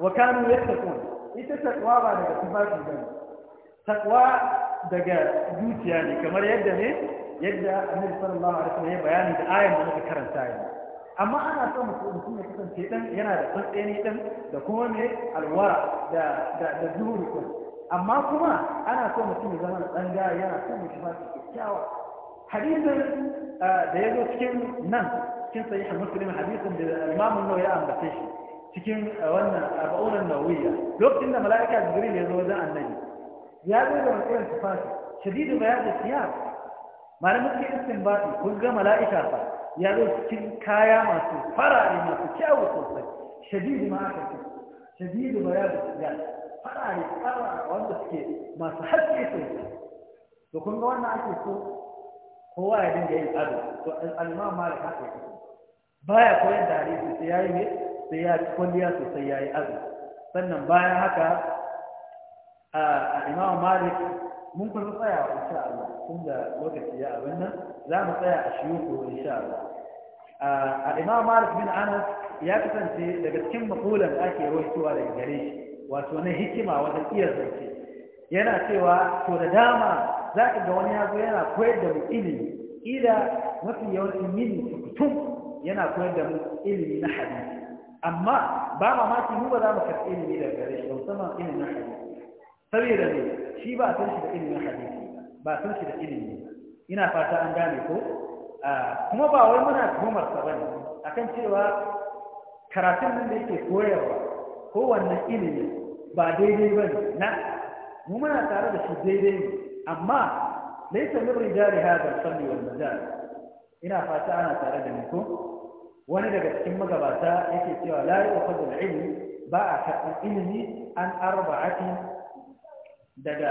wa kanu yattaqun ita takwa ba daga tufafi bane takwa daga zuciya ne kamar yadda ne yadda annabi sallallahu alaihi wasallam ya bayani da ayan da muka karanta yanzu amma ana so mutum ya kasance dan yana da tsantseni dan da kuma ne alwara da da da ko amma kuma ana so mutum ya zama dan ga yana son mutum ya kyakkyawa hadisin da yazo cikin nan cikin sahih muslim hadisin da imam an-nawawi ya ambace shi cikin wannan arba'un an-nawawiyya lokacin da malaika jibril ya zo wajen annabi ya zo da wannan tufafi shadidu bayad siyar malamin cikin istinbati kun ga malaika fa ya zo cikin kaya masu farare masu kyawu sosai shadidu ma aka ce shadidu ba ya da farare tsara wanda suke masu haske sosai to kun ga wannan ake so kowa ya dinga yin ado to al'imam malik haka yake baya koyar da hadisi sai yayi ne sai ya ci kwalliya sosai yayi ado sannan bayan haka a malik mun kuma tsaya insha Allah tun da lokaci ya abin nan za mu tsaya a shiyuku insha Allah a imam malik bin anas ya kasance daga cikin makulan da ake rawaitowa daga gare shi wato na hikima wajen iya zance yana cewa to da dama za ka ga wani ya zo yana koyar da mu ilimi ila mafi yawancin mini tukutum yana koyar da mu ilimi na hadisi amma ba mamaki mu ba za mu karɓi ilimi daga gare shi musamman ilimin hadisi saboda ne shi ba san shi da ilimin hadisi ba san shi da ilimi ba ina fata an gane ko kuma ba wai muna tuhumar sa bane akan cewa karatun nan da yake koyarwa ko wannan ilimi ba daidai bane na mu muna tare da shi daidai ne amma laisa min rijali hadha al-fanni wal majal ina fata ana tare da ni ko wani daga cikin magabata yake cewa la yu'khadhu al-ilmi ba a karɓar ilimi an arba'ati daga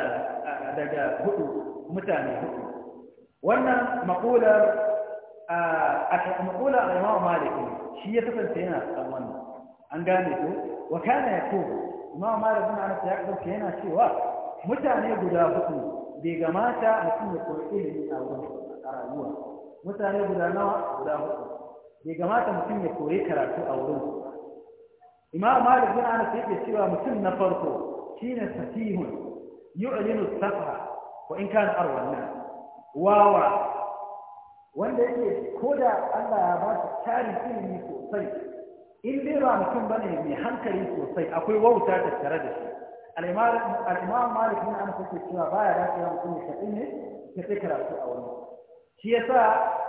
daga hudu mutane hudu wannan maƙular a maƙular al'imamu maliki shi ya kasance yana san wannan an gane ko wa kana ya ko imamu maliki na anas ya kasance yana cewa mutane guda hudu bai gamata mutum ya koyi ilimi a wurin a rayuwa mutane guda nawa guda hudu bai gamata mutum ya koyi karatu a wurin imamu maliki na anas yake cewa mutum na farko shine safihun yu'linu safa wa in kana arwan nas wawa wanda yake ko da Allah ya ba shi tarin ilimi sosai in dai ba mutum bane mai hankali sosai akwai wauta ta tare da shi al-imam malik bin anas yake cewa baya da cewa mutum ya ne ya sai karatu a wani shi yasa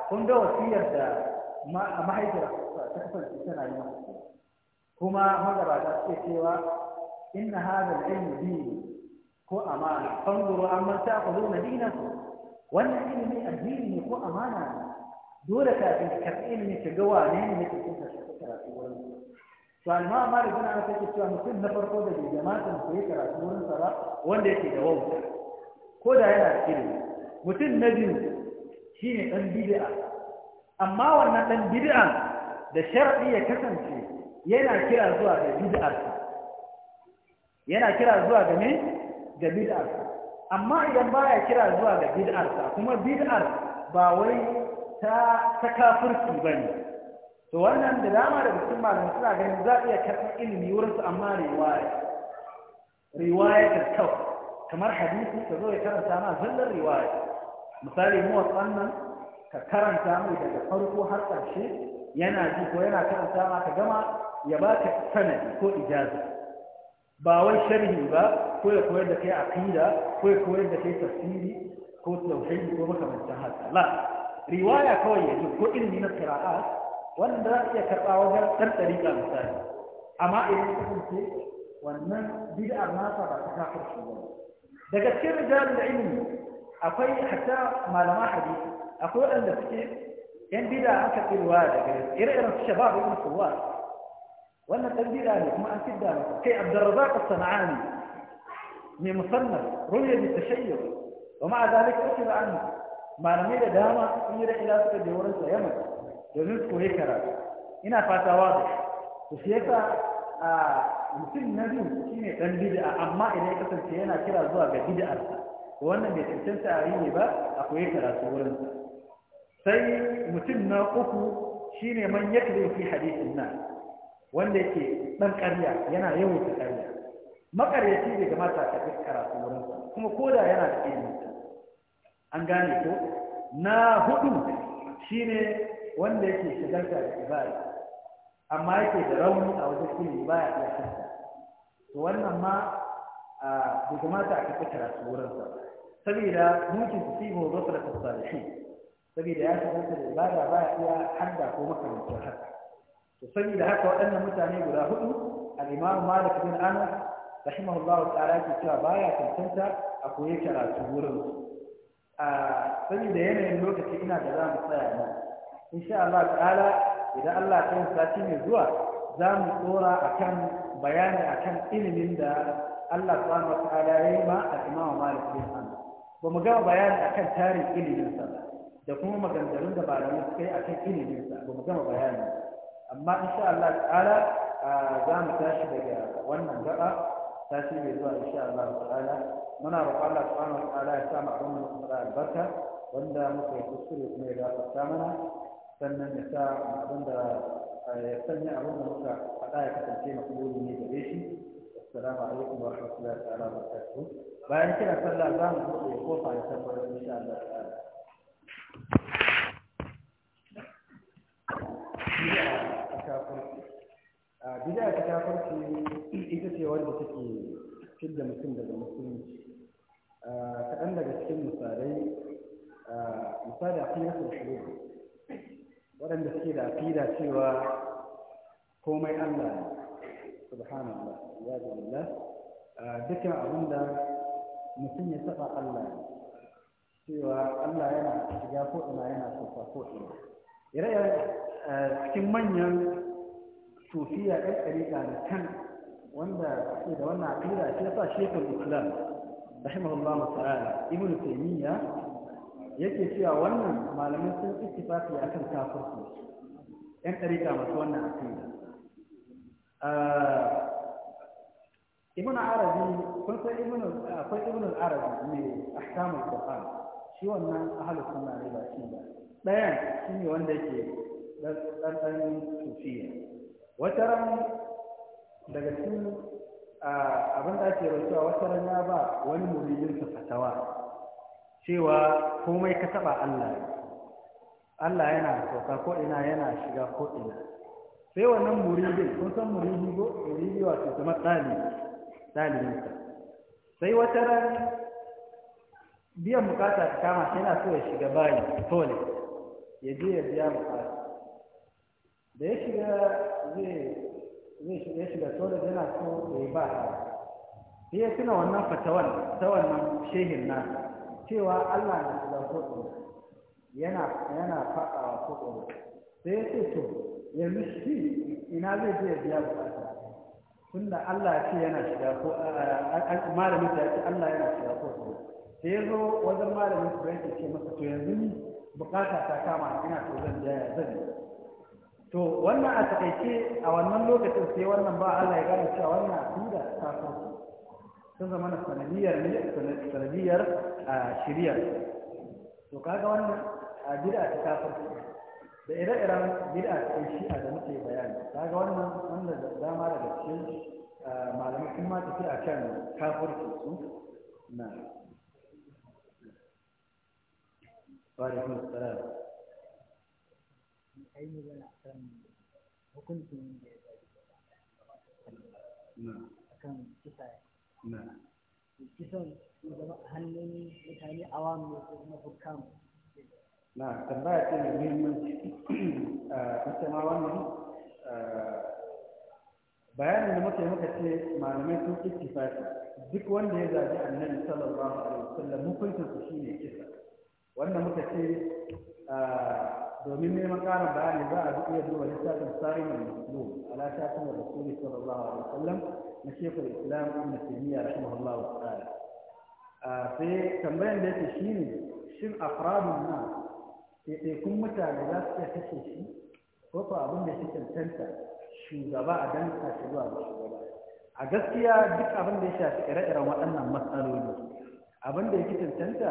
kun ga wasiyar da mahaifiyar ta kasance tana yi kuma magabata suke cewa inna hadha al-ilmu dini ko amana fanzuru amma ta'khuduna dinakum wannan ilimi addini ne ko amana ne dole kafin ka karɓi ilimi ka ga wane ne ne kake ka shiga karatu wurin to amma amma da gina ce cewa mutum na farko da ke jama'atin ko ya karatu wurin sa ba wanda yake da wau. ko da yana da ilimi mutum na biyu shine dan bid'a amma wannan dan bid'a da shar'i ya kasance yana kira zuwa ga bid'a yana kira zuwa ga me ga bid'a amma idan baya kira zuwa ga sa kuma bid'ar ba wai ta ta kafirci bane to wannan da dama da cikin malamin suna ganin za iya karɓar ilimi wurin su amma riwaya riwaya ta kau kamar hadisi ka zo ya karanta ma zallar riwaya misali mu wannan ka karanta mu daga farko har ƙarshe yana ji ko yana karanta ma ka gama ya baka sanadi ko ijaza ba wai sharhi ba ko ya koyar da kai aqida ko ya koyar da kai tafsiri ko tauhidi ko makamantan haka la riwaya kawai ya ji ko ilimi na qira'at wanda za iya karɓa wajen ɗan ɗariƙa misali amma idan ka kasance wannan bid'ar nasa ba ta kafar shi ba daga cikin rijal da ilimi akwai hatta malama hadisi akwai waɗanda suke yan bid'a aka ƙirwa daga ire-iren su shabab ibn kuwa wannan tabbi'a ne kuma an fidda masa kai abdurrazzaq as-sana'ani mai musannaf ruya bi tashayyur wa ma'a zalika ukira anhu malamai da dama sun yi da'ila suka je wurin sa yamma domin su koyi karatu ina fata wa da ku shi yasa a mutum na biyu shine dan bid'a amma idan ya kasance yana kira zuwa ga bid'ar wannan bai cancanta a yi ba a koyi karatu wurin sa sai mutum na uku shine man yakri fi hadithin nan wanda yake dan ƙarya yana yawan ta ƙarya makaryaci bai kamata ta fi karatu wurin kuma ko da yana da ilimi an gane ko na hudu shine wanda yake shigarta da ibada amma yake da rauni a wajen ilimi baya iya shirka to wannan ma bai kamata a kafa karatu wurin sa saboda mulkin su fi mu zo da shi saboda ya shigarta da ibada ya iya hadda ko makamantar haka to saboda haka waɗannan mutane guda hudu al-imam malik bin anas rahimahullah ta'ala ke cewa baya tantanta a koyi karatu wurin a saboda yanayin lokaci ina da zamu tsaya nan insha Allah ta'ala idan Allah ta yi sati mai zuwa za mu tsora akan bayani akan ilimin da Allah subhanahu wa ta'ala ya yi ma al-imam malik bin anas ba mu gama bayani akan tarin ilimin sa da kuma maganganun da malamai suka yi akan ilimin sa ba mu gama bayani amma insha Allah ta'ala za mu tashi daga wannan gaba tashi mai zuwa insha Allah ta'ala muna roƙon Allah subhanahu wa ta'ala ya sa mu abin da kuma albarka wanda muka yi kuskure kuma ya gafarta mana sannan ya sa abin da ya sanya abin da muka faɗa ya kasance makabuli ne gare shi assalamu alaikum wa rahmatullahi ta'ala wa barakatuh bayan kira sallah za mu buɗe kofa da tabbatar insha Allah a bid'a ta kafirci ita ce wanda take da mutum daga musulunci kaɗan daga cikin misalai misali a fiye da shi waɗanda suke da fida cewa komai Allah ne subhanallah ya billah dukkan abin da mutum ya saba Allah cewa Allah yana shiga ko ina yana sofa ko ina ire-iren cikin manyan صوفيا ان اريد ان كان وندا اذا وانا اقيل اشيطا شيخ الاسلام رحمه الله تعالى ابن تيمية يكي فيها وانا ما لم يكن اتفاق يا اخر كافر ان اريد ان اتوانا اقيل ابن عربي كنت ابن اقول ابن العربي من احكام القران شو ان اهل السنه الى سيدنا بيان شنو عندك دان دان صوفيا wata ran daga cikin abin da ake rantsuwa wata ran ya ba wani muridinsa fatawa cewa komai ka taba Allah Allah yana sauka ko ina yana shiga ko ina sai wannan muridin kun san muridi ko muridi wato kamar ɗalibi ɗalibinsa sai wata ran biyan bukata ta kama yana so ya shiga bayi tole ya je ya biya bukata da ya shiga zai shiga tola yana so ya yi ba sai ya tuna wannan fatawan ta wannan shehin na cewa Allah na shiga koɗo yana yana faɗawa koɗo sai ya ce to yanzu shi ina zai je ya biya bukata tunda Allah ce yana shiga ko malamin ta ce Allah yana shiga ko sai ya zo wajen malamin ta ce masa to yanzu bukata ta kama ina so zan biya zan to wannan a takaice a wannan lokacin sai wannan ba Allah ya gane cewa wannan akida ta so sun zama na sanadiyar ne sanadiyar a shirya to kaga wannan a bid'a ta kafir da ire-iren bid'a ta shi'a da muke bayani kaga wannan wannan da dama daga cikin malamai sun ma tafi a kan kafirci su na wa alaikum ka yi magana a kan hukuncin da ya zai a kan kisa kisan zama a hannun mutane awam ne ko kuma hukam na tambaya ce mai muhimmanci ah, A ma wannan ah, bayanin da muka yi muka ce malamai sun ittifaqi duk wanda ya zabi annabi sallallahu alaihi wasallam hukuncin su shine kisa wannan muka ce ah, domin neman ƙarin bayani za a duk iya duba littafin tsarin masu ala ta shafin rasuli sallallahu alaihi wasallam na shekul islam ibn taymiya rahimahullahu ta'ala sai tambayan da yake shine shin afradun na ɗaiɗaikun mutane za su iya kashe shi ko ko abin da shi cancanta shugaba a dan shi zuwa ga shugaba a gaskiya duk abin da ya shafi ire-iren waɗannan matsaloli abin da ya fi cancanta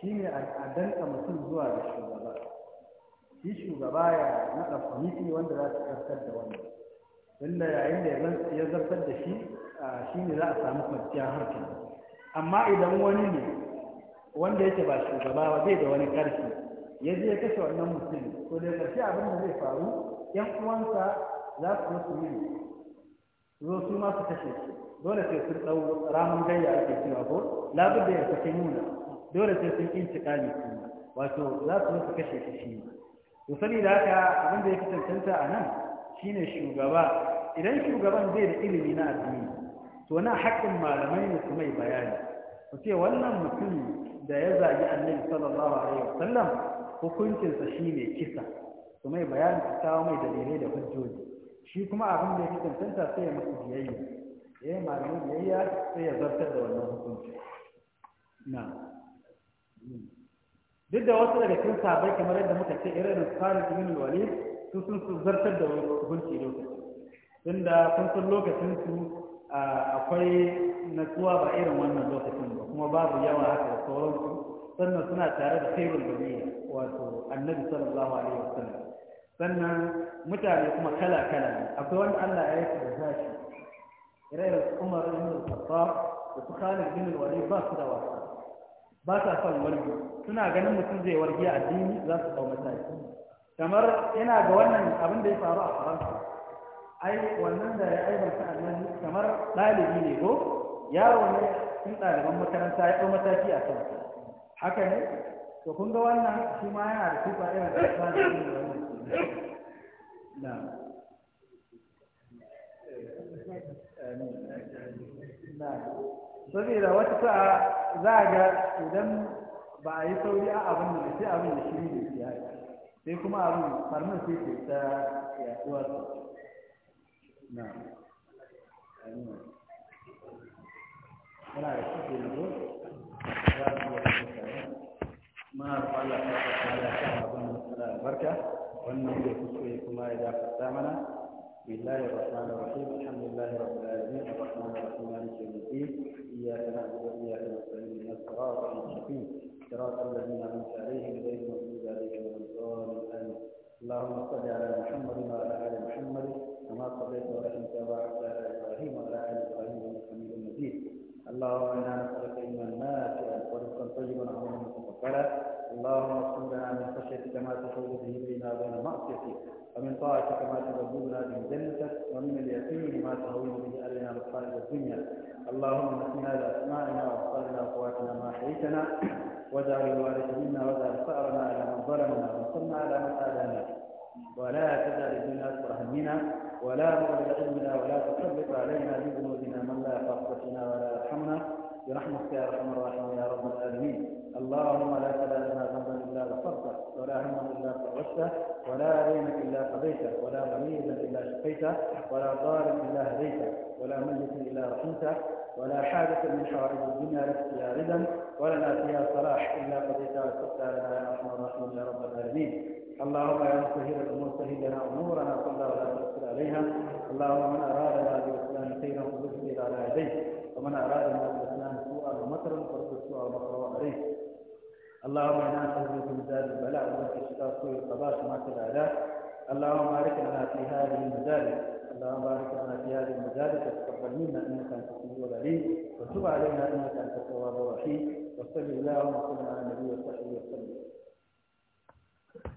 shine a danka mutum zuwa ga shugaba shi shugaba ya naɗa kwamiti wanda za su karkar da wannan tunda yayin da ya zartar da shi shi ne za a samu kwanciyar harka. amma idan wani ne wanda yake ba shugaba ba zai da wani ƙarfi ya je ya kashe wannan mutum to da ƙarshe abin da zai faru yan uwansa za su su yi zo su ma su kashe shi dole sai sun ɗau ramin gayya ake cewa ko da ya sake nuna dole sai sun inci kali wato za su yi su kashe shi shi to da haka abin da ya fi tantanta a nan shi ne shugaba idan shugaban zai da ilimi na addini to na haƙƙin malamai ne su mai bayani ku ce wannan mutum da ya zagi annabi sallallahu alaihi wasallam hukuncinsa shi ne kisa su mai bayani su kawo mai dalilai da hujjoji shi kuma abin da ya fi tantanta sai ya masu biyayya ya eh, yi malamai biyayya sai ya zartar da wannan hukunci na duk da wasu daga cikin sabai kamar yadda muka ce irin tsarin ibn walid su sun su zartar da hukunci lokaci da sun san lokacin su akwai natsuwa ba irin wannan lokacin ba kuma babu yawa haka da sauransu sannan suna tare da khairul bariya wato annabi sallallahu alaihi wasallam sannan mutane kuma kala kala ne akwai wanda Allah ya yi su da zashi irin iren Umar ibn al-Khattab da su Khalid bin al-Walid ba su da wasa ba sa son wani. suna ganin mutum zai wargi a addini za su kawo mataki kamar yana ga wannan abin da ya faru a faransa ai wannan da ya aibanta annabi kamar ɗalibi ne ko yaro ne cikin ɗaliban makaranta ya ɗau mataki a kan haka ne to kun ga wannan shi ma yana da sifa yana da ta da wannan na na saboda wata sa'a za a ga idan ba a yi sauri a abin da sai abin da shiri da siya sai kuma abin farmin sai ke ta yaduwa su na ana da za a yi ta kwallon ya dafa mana بسم الله الرحمن الرحيم الحمد لله رب العالمين الرحمن الرحيم مالك يوم الدين اياك نعبد واياك نستعين من الصراط المستقيم صراط الذين انعمت عليهم غير المغضوب عليهم ولا الضالين اللهم صل على محمد وعلى ال محمد كما صليت ورحمت وباركت على ابراهيم وعلى ال ابراهيم انك حميد مجيد اللهم انا نسالك علما نافعا ورزقا طيبا وعملا متقبلا اللهم اقسم لنا من خشيتك ما تفوز به بنا بين معصيتك ومن طاعتك ما تبلغنا به جنتك ومن اليقين ما تهون به علينا مصائب الدنيا اللهم نسمنا لاسمائنا وابصارنا وقواتنا ما حييتنا واجعل الوارث منا واجعل ثارنا على من ظلمنا وانصرنا على من اذانا ولا تجعل الدنيا اكبر همنا ولا مبلغ علمنا ولا تسلط علينا بذنوبنا من لا يخافك ولا يرحمنا برحمتك يا ارحم الراحمين يا رب العالمين اللهم لا تدع لنا ذنبا الا غفرته ولا هما الا فرجته ولا دينا الا قضيته ولا غريبا الا شقيته ولا ضالا الا هديته ولا ملك الا رحمته ولا حاجة من حوائج الدنيا لك فيها غدا ولنا فيها صلاح الا قضيتها وسبتها لنا يا ارحم الراحمين يا رب العالمين اللهم يا مسهل الامور سهل لنا امورنا صلى ولا تؤثر عليها اللهم من ارادنا بالاسلام خيرا فاجعل على يديه ومن ارادنا بالاسلام سوءا ومكرا فرد السوء والمكر عليه اللهم انا نسالك مزاد البلاء وانت شفاء كل القضاء كما تدعى اللهم بارك لنا في هذه المزاد اللهم بارك لنا في هذه المزاد وتقبل منا انك انت السميع العليم وتب علينا انك انت التواب الرحيم وصل اللهم وصل على النبي وصحبه وسلم